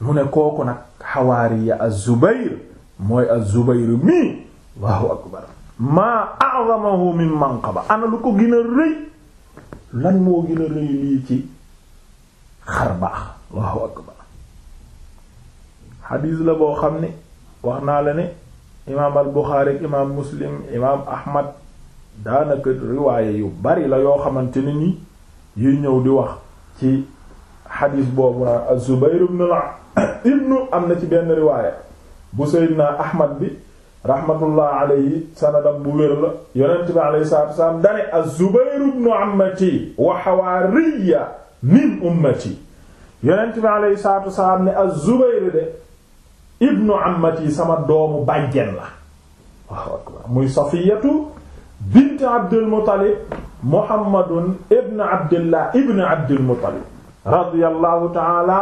mu ne kooku nag xawaari ya az-Zubayr mooy az-Zubayr mii Allahu akbar maa a'zamahu min manqaba ana lu ko gën a rëy lan moo gën rëy lii ci xar baax Allahu akbar xadiis la boo xam ne wax naa la ne imaam al Buxaari imaam Muslim imaam Ahmad daanaka riwaaye yu bari la yoo xamante ne ni yuy ñëw di wax ci xadiis boobu naa az-Zubayr ibn ibnu na ci bi rahmatullah alayhi bu wér la yonent wa salaam min ummati yonent bi aleyhi salaatu wasalaam ne az-Zubayr de ibnu ammati sama doomu bàjjen la waaw muy Safiyatu bint Abdul Muttalib Muhammadun ibn Abdillah ibn Abdul Muttalib radiyallahu ta'ala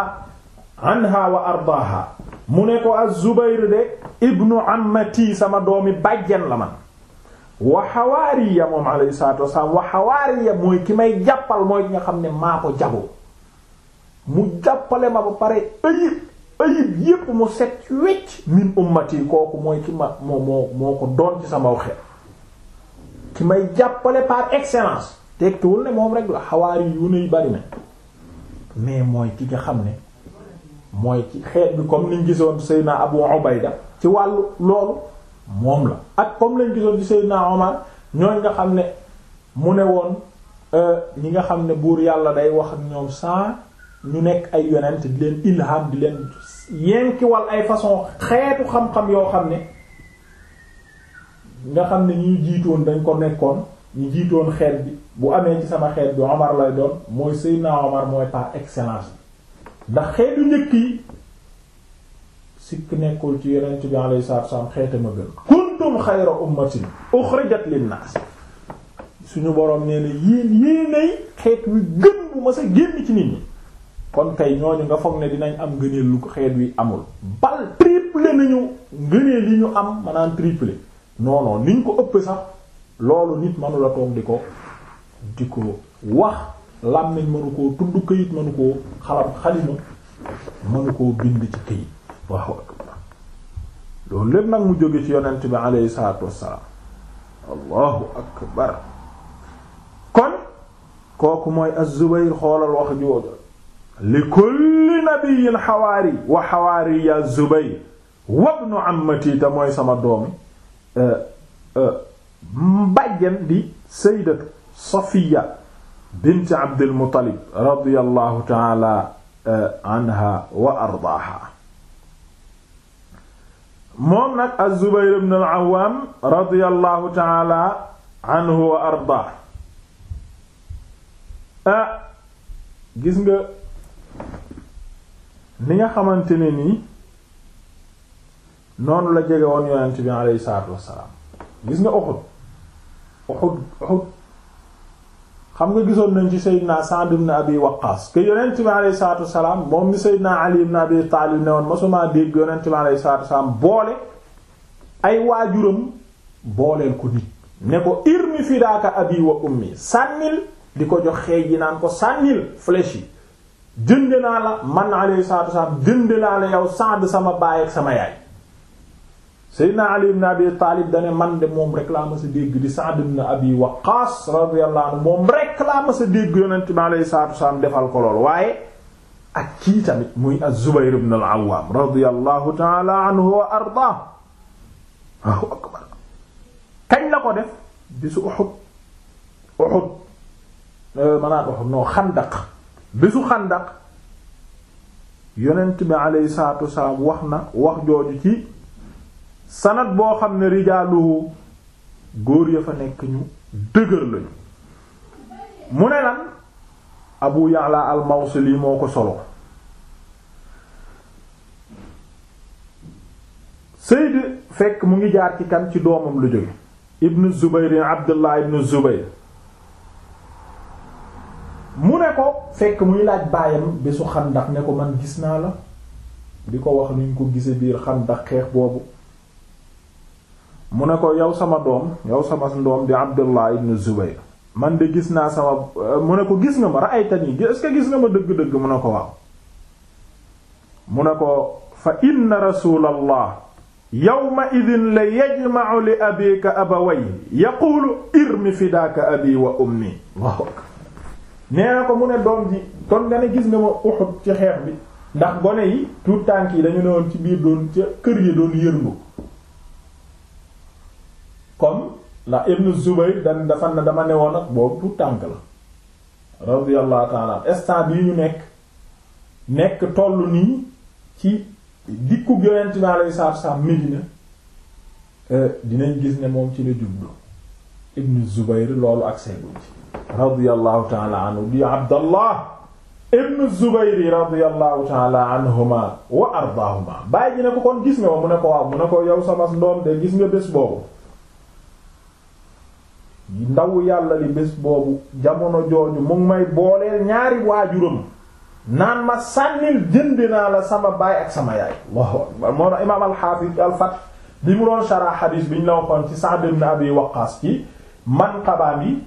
anha wa ardaaha mu ne ko az-Zubayr de ibnu ammati sama doomi bàjjen la man wa xawaariya moom alayhi salaatu wasalaam wa xawaariya mooy ki may jàppal mooy ki nga xam ne maa ko jaboo mu jàppale ma ba pare ayib ayib yépp mu set wecc min ummati kooku mooy ki ma moo moo ko doon ci sama xel ki may jàppale par excellence tekkiwul ne moom rek la xawaari yu nuy bari na mais mooy ki nga xam ne mooy ci xeet bi comme niñ gisoon Seydina Abu Ubayda ci wàllu loolu moom la ak comme lañ gisoon ci Seydina Omar ñooñ nga xam ne mu ne woon euh, ñi nga xam ne buur yàlla day wax ak ñoom sans ñu nekk ay yonent di leen ilham di leen yenkiwal ay façon xeetu xam-xam yoo xam ne nga xam ne ñuy jiitoon dañ ko nekkoon ñu jiitoon xeet bi bu amee ci sama xeet bi Omar lay doon mooy Seydina Omar mooy par excellence bi ndax xeetu njëkk yi sikk nekkul ci yonent bi alayhi salaatu wa salaam xeetam a gën kuntum xayra ummatin uxrijat linnaas suñu boroom nee na yéen yéenay xeet wi gën bu ma sa génn ci nit ñi kon kay ñooñu nga foog ne dinañ am ngëneel lu xeet wi amul bal triplé nañu ngëneel li ñu am maanaam triplé non non liñ ko ëpp sax loolu nit mënu la toog di ko di ko wax làmmiñ mënu koo tudd këyit mënu ko xalam xalima mënu koo bind ci këyit Allahu akbar loolu lépp nag mu jóge ci yonent bi aleyhi salaatu wassalaam Allahu akbar kon kooku mooy az-Zubayr xoolal wax jooju li kulli nabiyyin xawaari wa xawaari ya Zubayr wabnu ammati te mooy sama doomi mbàjjan e, e, di sayyidat Safiya bint Abdul Muttalib radiyallahu ta'ala e, anha wa ardaaha moom nag az-Zubayr ibn al-Awwam radiyallahu ta'ala anhu wa ardaa ah, gis nga ni nga xamante ni nii noonu la jege woon yonent bi alayhi salaatu wassalaam gis nga Uhud Uhud Uhud xam nga gisoon nañ ci Seydina Sa'd ibn Abi Waqqas que yonent bi alayhi salaatu wasalaam moom ni Seydina Ali ibn Abi Taalib ne woon masuma dégg yonent bi alayhi salaatu wasalaam boole ay waajuram booleel ko nit ne ko irmi fidaaka abi wa ummi sànnil di ko jox xeej yi naan ko sànnil flèche yi jënd naa la man alayhi salaatu wasalaam jënd naa la yow Sa'd sama baay ak sama yaay Seydina Ali ibn Abi Taalib dane man de moom rek laa mas a dégg di Sa'd ibn Abi Waqqaas radiyallahu anhu moom rek laa mas a dégg yonent bi alayhi salaatu wasalaam defal ko lool waaye ak kii tamit muy az-Zubayr ibn al-Awwaam radiyallahu ta'ala anhu wa ardaa Allahu akbar kañ la ko def bisu Uhud Uhud euh, maanaam Uhud non Xandaq bisu Xandaq yonent bi alayhi salaatu wasalaam wax na wax jooju ci sanad boo xam ne rijaalu góor ya fa nekk ñu dëgër lañu mu ne lan abu ya'la al-mawsili moo ko solo Sayd fekk mu ngi jaar ci kan ci doomam lu jóge ibnu Zubayr Abdullah ibnu Zubayr mu ne ko fekk muy laaj baayam bésu xandax ne ko man gis naa la di ko wax ni ñu ko gisee biir xandax xeex boobu mu ne ko yow sama doom yow sama doom di Abdullah ibn Zubayr man de gis naa sama mu ne ko gis nga ma ra'aytani est-ce que gis nga ma dëgg-dëgg mu ne ko waaw mu ne ko fa inna rasulallah yawma idin la yajma'u li abika abaway yaqulu irmi fidaaka abi wa ummi nee na ko mu ne doom ji kon nga ne gis nga ma Uhud ci xeex bi ndax gone yi tuut tànk yi dañu ne woon ci biir doon ca kër yi doon yërngu comme ndax Ibn Zubayr dañ dafa ne dama newoon ak boobu tout tànk la radiyallahu ta'ala instant bii ñu nekk nekk tollu nii ci dikku yonent bi alayhi salaatu wassalaam Medina euh, dinañ gis ne moom ci la jublu Ibn Zubayr loolu ak seegu ci radiyallahu radiallahu taala anhuma wa ardaahuma bàyyi ji ko kon gis nga wa mu ne ko waaw mu ne ko yow sama doom de gis nga bés boobu ndaw yàlla li bés boobu jamono jooju mu ngi may booleel ñaari waajuram naan ma sànnil jënd naa la sama baay ak sama yaay Allahu imaam al-Hafiz bi mu doon shara xadiis bi ñu la waxoon ci Sa'd ibn Abi Waqqas ci manqabaam yi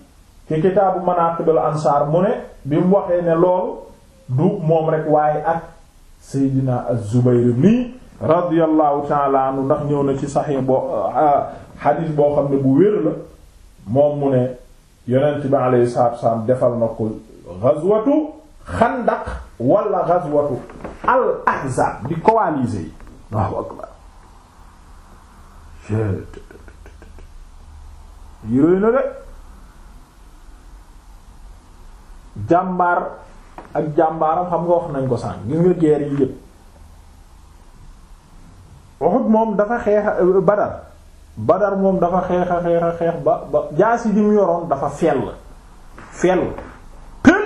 ci kitaabu Manaqib al mu ne bi mu waxee ne loolu du moom rek waaye ak Seydina Az-Zubayr mi radiyallahu ta'ala ndax ñëw na ci saxiix boo xadiis ah, boo xam ne bu wér la moom mu ne yonent bi alayhi salaatu wassalaam defal na ko ghazwatu xandaq wala ghazwatu di coalisé yi waaw akbar yurooy na de jàmbaar ak jàmbaaram xam nga wax nañ ko sànq gis nga guerre yi yépp Uhud moom dafa xeex Badar Badar moom dafa xeex a xeex a ba ba jaasi ji mu yoroon dafa fell fell tël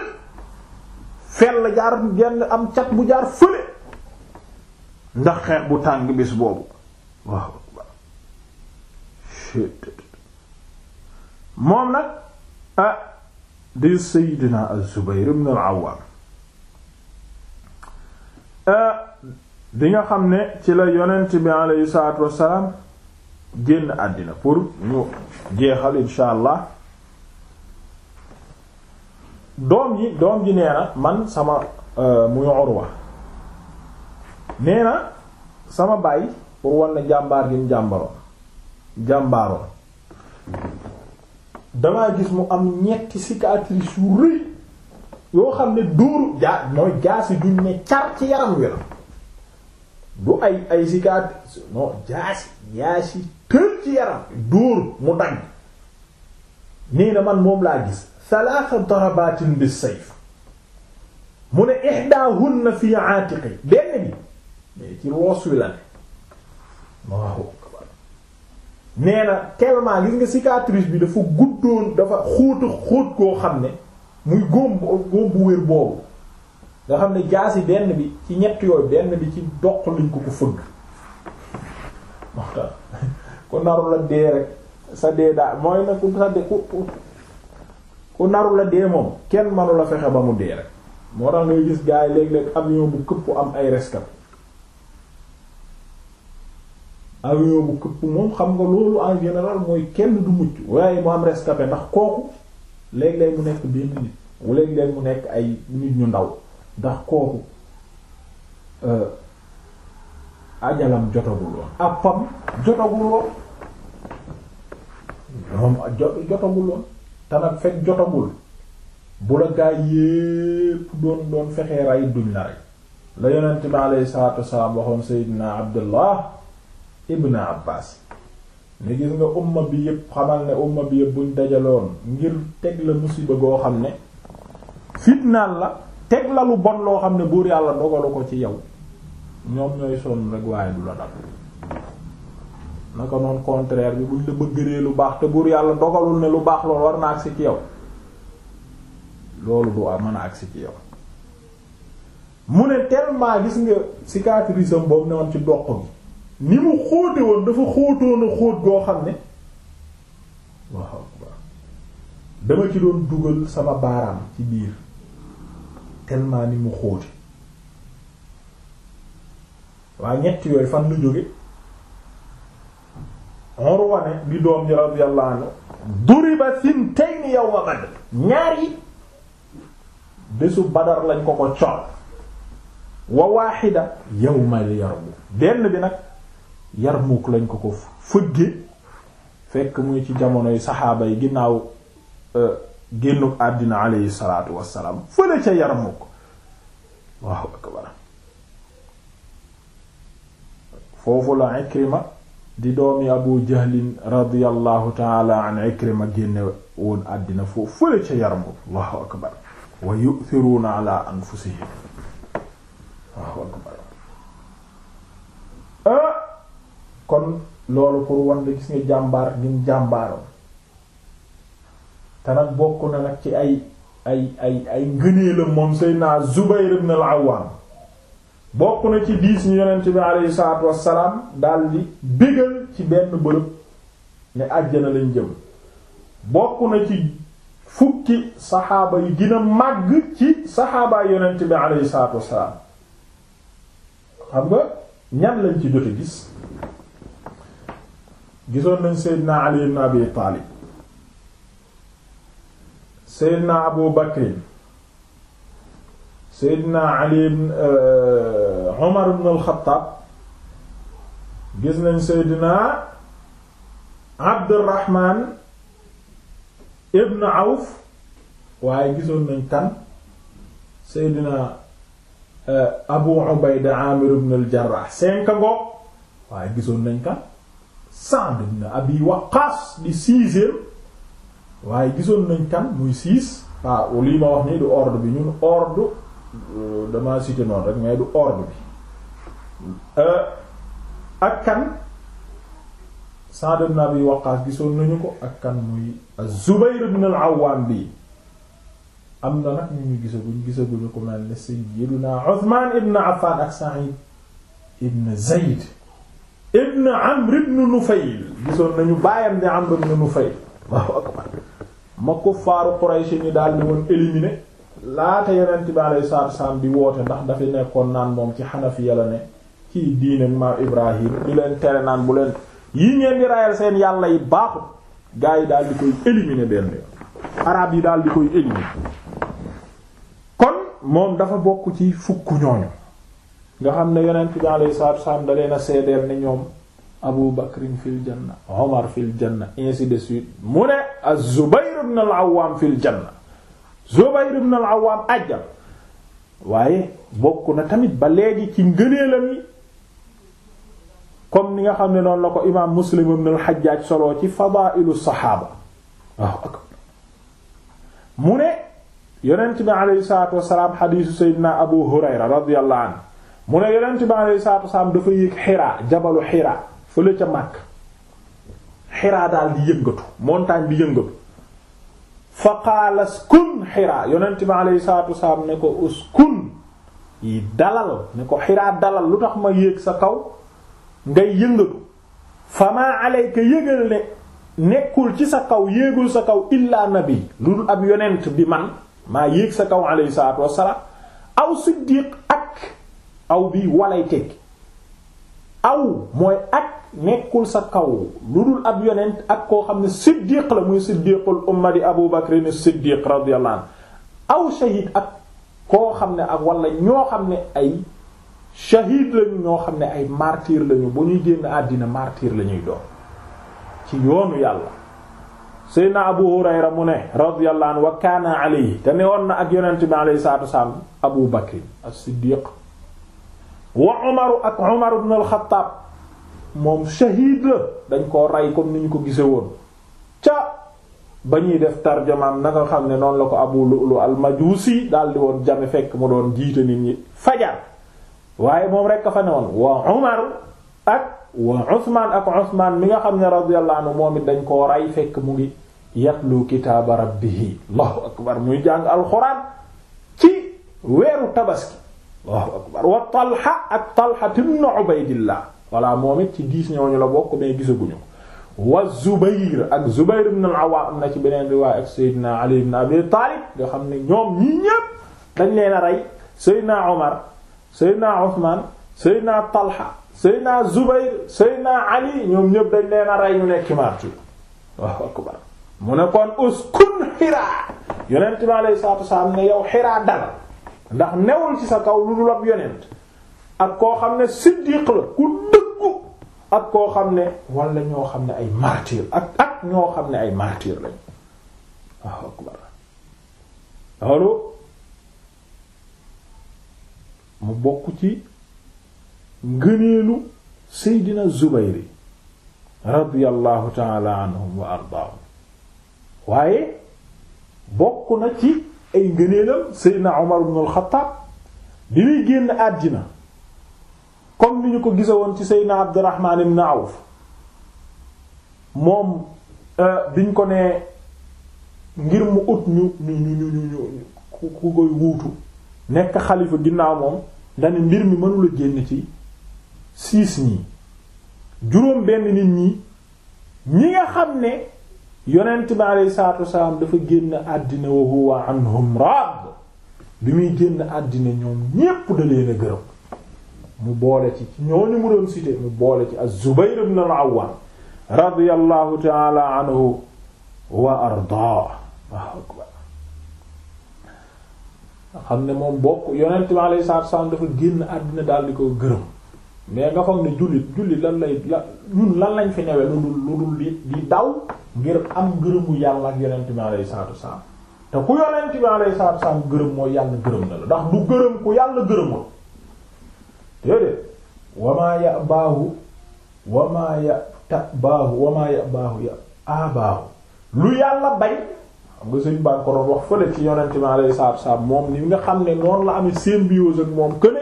fell jaar genn am cat bu jaar fële ndax xeex bu tàng bis boobu waaw moom nag ah di Seydina Az-Zubayr ibn al-Awwam ah, di nga xam ne ci la yonent bi alayhi salaatu wassalaam génn àddina pour ñu jeexal insha allah doom yi doom ji nee man sama euh, muy wa nee sama baay pour war na jàmbaar gi mu jàmbaroon jàmbaaroon damaa gis mu am ñetti cicatrices yu rëy yoo xam ne dóoru jaa du ay ay cicatrices non jaasi jaasi tër ci yaram dóor mu dagg nee man moom laa gis thalatha darabatin bis sayf mu ne ihdahunna fi aatiqi benn bi mais ci roos wi la ne gis nga cicatrice bi dafa guddoon dafa xóota xóot koo xam ne muy góom bu wér boobu nga xam ne yi benn bi ci ñett yooyu benn bi ci doq lañ ko ko fëgg ku naru la dee rek sa dee daa mooy na ku sa dee ku ku naru la dee moom kenn manu la fexe ba mu dee rek moo tax ngay gis gaa yi léeg-léeg avion bu këpp am ay rescapés avion bu këpp moom xam nga loolu en général mooy kenn du mucc waaye mu am rescapé ndax kooku léeg-léeg mu nekk benn nit léeg-léeg mu nekk ay nit ñu ndaw ndax kooku. Euh, ajalam jotagul woon ab fam jotagul woon moom jotagul woon te nag fekk jotagul bu la gaay yépp doon doon fexee ray duñ la rek la yonent bi alayhi salaatu wasalaam waxoon seydina abdullah ibn abbas ne gis nga umma bi yépp xamal ne umma bi yépp buñ dajaloon ngir teg la musiba goo xam ne fitnaan la teg la lu bon loo xam ne buur yàlla dogalu ko ci yow ñoom ñooy sonn rek waaye du la dal naka noonu contraire bi buñ la bëgg lu baax te buur yàlla dogalul ne lu baax loolu war na agsi ci yow loolu du mën a agsi ci yow mu ne tellement gis nga cicatrice am boobu ne woon ci doq bi ni mu xóote woon dafa xóotoon a xóot goo xam ne waaw ci doon dugal sama baaraam ci biir tellement ni mu xóote waa ñett yooyu fan lu jóge Urwa ne bi doom ji radiyallahu anhu duriba sintayn yawma Badr ñaar yi bésu Badar lañ ko ko cor wa waaxida yawma Yarmuk benn bi nag Yarmuk lañ ko ko fëgge fekk muy ci jamonoy saxaaba yi ginnaaw e, génnuk àddina alayhi salaatu wassalaam fële ca Yarmuk waaw akbar foofu la Ikrima di doomi Abu Jahlin radiyallahu taala an Ikrima génne woon àddina foofu fële ca Yarmuk Allahu akbar wa yu'thiruna anfusihim Allahu akbar ah kon loolu pour wan gis nga jàmbaar gin jàmbaaroon te nag bokk na nag ci ay ay ay ay ngëneelam moom Seydina Zubayr ibn al bokk na ci diis ñu yonent bi aleyhi salaatu wassalaam daldi bégal ci benn bërëb ne àjjana lañ jëm bokk na ci fukki saxaaba yi gën a màgg ci saxaabaay yonent bi aleyhi salaatu wassalaam xam nga ñan lañ ci jot gis gisoon nañ Seydina Ali ibn Abi Taalib Seydina Abu Bakr Seydina Ali euh, Umar ibn al gis nañ Seydina Abdurrahman ibn Awf waaye gisoon nañ kan Seydina eh, Abu Ubayda Amir ibn al-Jarrah cinq waaye gisoon nañ kan Sa'd ibn Abi Waqqas di sixième waaye gisoon nañ kan muy six waaw ah, lii ma wax nii du ordre bi ñun ordre euh, damaa cité rek mais du ordre bi Euh, ak kan Sa'd ibn Abi Waqqas gisoon nañu ko ak kan muy az-Zubayr ibn al-Awwam bi am na nag ñu ñu gisaguñ gisaguñu ko mel ne Sayyidina Uthman ibn Affan ak Sa'id ibn Zayd ibn Amr ibn nañu baayam di Amr ibn Nufayl waaw akbar ma ko faaru Quraysh daal di woon éliminé laata Yonent bi alayhi salaatu wa salaam woote ndax dafay nekkoon naan moom ci Hanafiya la ne kii diine maam Ibrahim di leen tere naan bu leen yi ngeen di rayal seen yàlla yi baaxut gars yi daal di koy éliminer benn yoon arab yi daal di koy éliminer kon moom dafa bokk ci fukk ñooñu nga xam ne yonent bi alayhi salaatu wasallam da leen a seedeel ne ñoom Abu Bakrin fil janna Omar fil janna ainsi de suite mu ne az-Zubayr ibn al fil janna Zubayr ibn al ajjal waaye bokk na tamit ba léegi ci ngëneelam comme ni nga xam ne noonu la ko imaam muslim ibn al-Hajjaj solo ci fadaa'ilu saxaaba mu ne yonent bi aleyhi salaatu wasalaam xadiisu seydina abu hurayra radiyallahu anhu mu ne yonent bi aleyhi salaatu wasalaam dafa yéeg xiraa jabalu xiraa fële ca màkk xiraa daal di yëngatu montagne bi yëngatu fa qaala uskun xiraa yonent bi aleyhi salaatu wasalaam ne ko uskun yi dalal ne ko xiraa dalal lu tax ma yéeg sa kaw ngay yëngatu famaa alayka yëgal ne nekkul ci sa kaw yéegul sa kaw illaa nabi lu dul ab yonent bi man maa yéeg sa kaw alayhi salaatu wassalaam aw siddiq ak aw bi walay teg aw mooy ak nekkul sa kaw lu dul ab yonent ak koo xam ne siddiq la muy siddiqul umma di abu bakrin siddiq radiyallahu anhu aw shahid ak koo xam ne ak wala ñoo xam ne ay shahid lañu ñoo xam ne ay martir lañu bu ñuy génn àddina martyr la ñuy doon ci yoonu yàlla seydna abu hurayra mu ne radiyallahu anhu wa kaana alayhi te ne woon na ak yonent bi alayhi salaatu wasalaam abu bakr as-siddiq wa umaru ak umar ibn al moom shahid la dañ ko rey comme ni ñu ko gise woon ca ba ñuy def tarjamaam na nga xam ne noonu la ko abu lu'lu al-majusi daldi woon jame fekk mu doon jiite nit ñi fajar waaye moom rek a fa newoon wa Umar ak wa Usmaan ak Usmaan mi nga xam ne radiyallahu anhu moom it dañ koo rey fekk mu ngi yatlu kitaaba rabbihi allahu akbar muy jàng alxuraan ci weeru tabaski allahu akbar wa Talha ak Talha ibn Ubaydillah voilà moom it ci diis ñooñu la bokk mais gisaguñu ko wa Zubayr ak Zubayr ibn al-Awwam ci beneen riwaay ak Seydina Ali ibn Abi Taalib nga xam ne ñoom ñii ñépp dañ leen a rey Seydina Omar Seydina Ousmane Seydina Talha Seydina Zubayr Seydina Ali ñoom ñëpp dañ leen a rey ñu nekk martyr waaw akbar mu ne kon uskun Hiraa yonent bi alayhi salaatu wassalaam ne yow Hiraa dara ndax newul ci sa kaw lu dul ab yonent ak koo xam ne siddiq la ku dëggu ak koo xam ne wala ñoo xam ne ay martyr ak ak ñoo xam ne ay martyr lañ waaw mu bokk ci ngëneelu seydina zubayri radiyallahu taala anhum waaye bokk na ci ay ngëneelam seydina umar ibn al bi muy génn àddina kon ni ñu ko gise woon ci seydina abdurrahmaan ibn awf moom euh, biñ ko nee ngir mu ut ñu ñu ñu ñu ñu ku koy wuutu nekk xalifa ginnaaw moom dani mbir mi mënula génn ci siis ñii juróom benn nit ñi ñi nga xam ne yonent bi aleyhi salaatu wasalaam dafa génn àddina wa huwa anhum raad bi muy génn àddina ñoom ñépp da leen a gërëm mu boole ci ñooñu mu doon cité mu boole ci az-Zubayr ibn al-Awwam radiyallahu ta'ala anhu wa ardaa xam ne moom bokk yonent bi alayhi salaatu salaam dafa génn àddina daal di ko gërëm mais nga foog ne jullit jullit lan lay la ñun lan lañ fi newee lu dul lu dul di daw ngir am gërëmu yàlla ak yonent bi alayhi salaatu salaam te ku yonent bi alayhi salaatu salaam gërëm moo yàlla gërëm na la ndax du gërëm ku yàlla gërëmul déedéet wamaa ya baahu wamaa ya ta baahu wamaa ya baahu ya abaahu lu yàlla bay xam nga sëñ baa ko doon wax fële ci yonent mi alayhi salaatu moom ni nga xam ne noonu la amee symbiose ak moom këne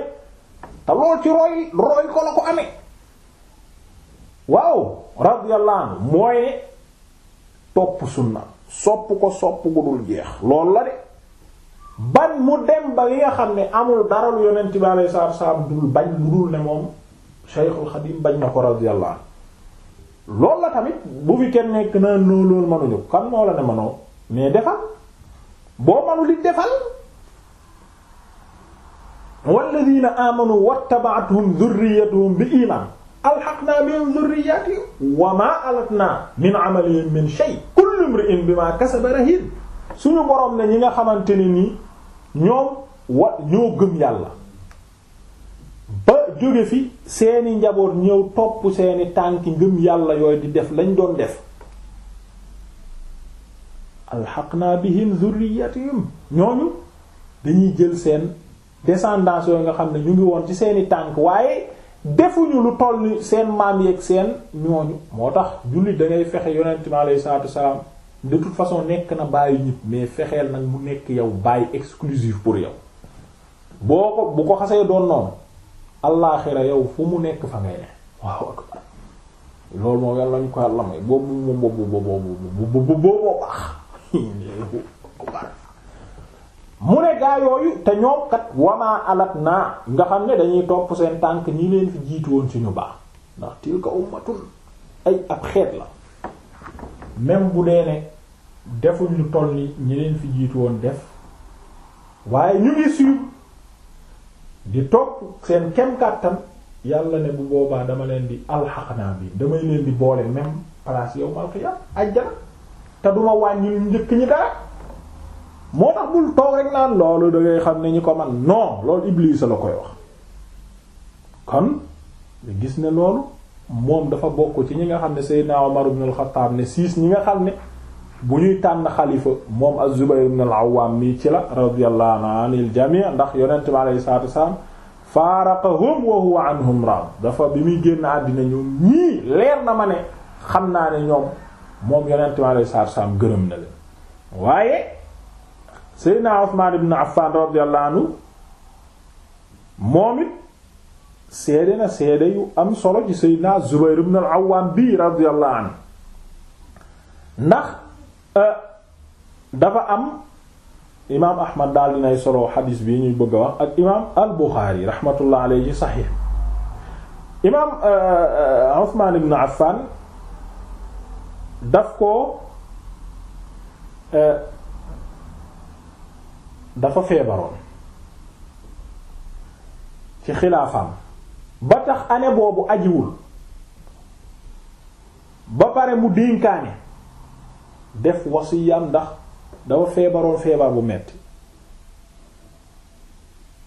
te lool ci roy roy ko la ko amee waaw radiyallahu anhu topp sunna sopp ko sopp gu dul jeex loolu la de ban mu dem ba li nga xam ne amul dara lu yonent bi alayhi salaatu salaam dul bañ lu dul ne moom Cheikhul Xadim bañ na ko radiyallahu anhu la tamit bu fi kenn nekk na noonu loolu mënuñu kan moo la ne mënoo mais defal boo manu li defal walladina amanu wattaba'athum dhurriyyatuhum bi iman alhaqna min dhurriyyati wa ma alatna min amalihim min shay kullu imrin bima kasaba rahin suñu borom na ñi nga xamante ni nii ñoom wa ñoo gëm yàlla ba jóge fi seeni njaboot ñëw topp seeni tànki gëm yàlla yooyu di def lañ doon def bi bihim zurriyatihim ñooñu dañuy jël seen descendance yooyu nga xam ne ñu ngi woon ci seeni tànk waaye defuñu lu toll seen maam yeeg seen ñooñu moo tax jullit da ngay fexe yonent mi alayhi salaatu wasalaam de toute façon nekk na bàyyi ñëpp mais fexeel nag mu nekk yow bàyyi exclusive pour yow boo ko bu ko xasee doon noonu allaaxira yow fu mu nekk fa ngay ne waaw loolu moom yàlla lañ ko yàlla may boobu moom boobu boobu boobu boobu baax mu ne gaa yooyu te ñoom kat wamaa alat naa nga xam ne dañuy topp seen tànk ñi leen fi jiitu woon suñu baax ndax tilka ummatun ay ab xeet la même bu dee ne defuñ lu toll ni ñi leen fi jiitu woon def waaye ñu ngi suivre di topp seen kem kàttan yàlla ne bu boobaa dama leen di alxaq naa bi damay leen di boole même place yow mal xiyam ajjana te duma wàññi ñu njëkk ñi dara moo tax bul toog rek naan loolu da xam ne ñi ko man non loolu Iblis la koy wax kon nga gis ne loolu moom dafa bokk ci ñi nga xam ne Seydina Umar ibn al ne siis ñi nga xam ne bu ñuy tànn xalifa moom az-Zubayr ibn al ci la radiyallahu anil jami' ndax yonent bi alayhi salaatu wassalaam faaraqahum wa huwa anhum raad dafa bi muy génn àddina ñoom ñii leer na ma ne xam naa ne ñoom moom yonent mi alayhi salaatu salaam gërëm na leen waaye Seydina Usmaan ibn Affaan radiyallahu anhu moom it seede na seede yu am solo ci Seydina Zubayr ibn al-Awwaam bii radiyallahu anhu ndax euh, dafa am imaam Ahmad daal dinay solo xadiis bi ñuy bëgg a wax ak imaam al-Buxaari rahmatullah alayhi saxiix imaam euh, euh, Usmaan ibn Affaan daf ko euh, dafa feebaroon ci xilaafaam ba tax année boobu ajiwul ba pare mu dénkaane def wasiyam ndax dafa feebaroon feebar bu metti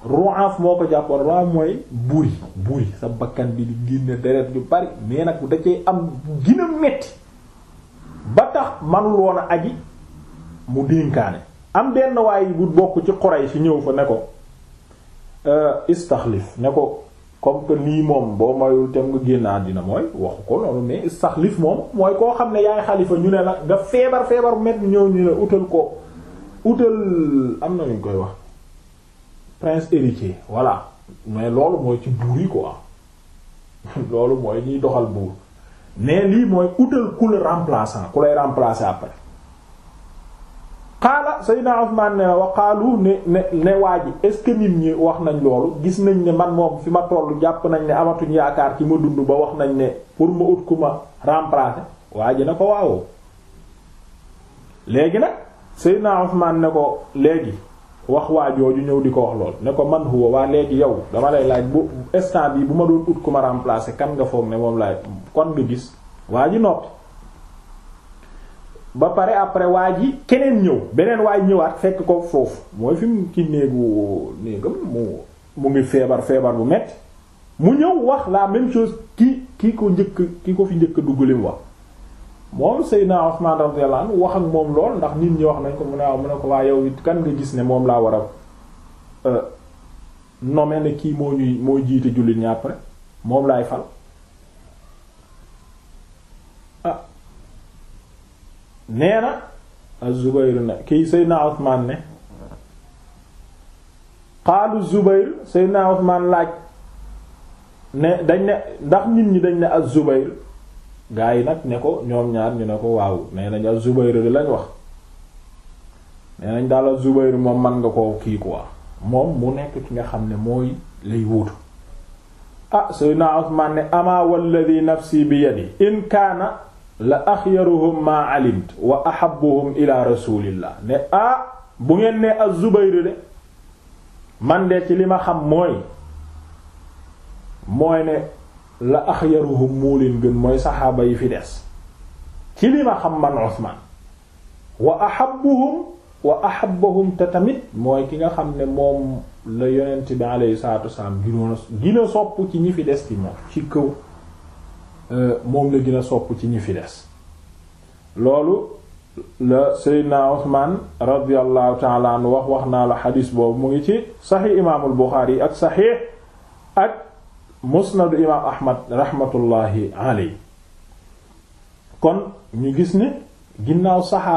ru'af moo ko jàppoon ru'af mooy buy buy sa bakkan bi di génne deret yu bari mais nag da am gën metti ba tax manul woon a aji mu dénkaane am benn waay bu bokk ci Quraysh si ñëw fa ne ko euh, istaxlif ne ko comme que nii moom boo mayul tem nga génn àddina mooy waxu ko loolu mais istaxlif moom mooy koo xam ne yaay xalifa ñu ne la nga feebar feebar bu metti ñëw ñu ne utal ko utal am na luñ koy wax prince héritier voilà mais loolu mooy ci buur yi quoi loolu mooy ñuy doxal buur mais lii mooy utal ku la remplaçant ku lay remplacer après xaala Seydina Usmaan ne wa xaalu ne ne ne waa ji est ce ñi wax nañ loolu gis nañ ne man moom fi ma toll jàpp nañ ne amatuñ yaakaar ci ma dund ba wax nañ ne pour ma ut ku ma remplacer waa ji ko waawoo léegi nag Seydina Usmaan ne ko léegi wax waa jooju ñëw di ko wax lool ne ko man huwa waa léegi yow dama lay laaj bu instant yi bu ma doon ut ku ma kan nga foog ne moom laay kon nga gis waa ji noppi ba pare après waa ji keneen ñëw beneen waay ñëwaat fekk ko foofu mooy fi mu ci néegu néegam mu mu ngi feebar feebar bu metti mu ñëw wax laa même chose ki ki ko njëkk ki ko fi njëkk a dugg lim wax moom Seydina Ousmane radiyallahu anhu wax ak moom lool ndax nit ñi wax nañ ko mu ne waaw mu ne ko waaye yow it kan nga gis ne moom laa war a euh, nommer ne kii moo ñuy moo jiite jullit ñi après moom laay fal ah nee na az-Zubayr ne kii Seydina Ousmane ne xaalu Zubayr Seydina Ousmane laaj ne dañ ne ndax nit ñi dañ ne az-Zubayr gaa yi nag ne ko ñoom ñaar ñu ne ko waaw nee nañ al Zubayr di lañ wax nee nañ daal al Zubayr moom man nga ko kii quoi moom mu nekk ki nga xam ne mooy lay wuutu ah Seydina Usmaan ne ama walladhi nafsi bi yadi in kaana la axyaruhum maa alimt wa ahabbuhum ila rasulillah ne ah bu ngeen ne al Zubayr de man de ci li ma xam mooy mooy ne la axyaruhum moo leen gën mooy saxaaba yi fi des ci li ma xam man Usman wa ahabbuhum wa ahabbuhum te tamit mooy ki nga xam ne moom la yonent bi alayhi salaatu wasalaam ginoon gën sopp ci ñi fi des ci moom ci kaw euh, moom la gën a sopp ci ñi fi des loolu la Seydina Usman radiyallahu ta'ala wax wax naa la xadiis boobu mu ngi ci saxiix imaamul Buxaari ak saxiix ak musnadu imaam ahmad rahmatullahi aley kon ñu gis ne ginnaaw saxaaba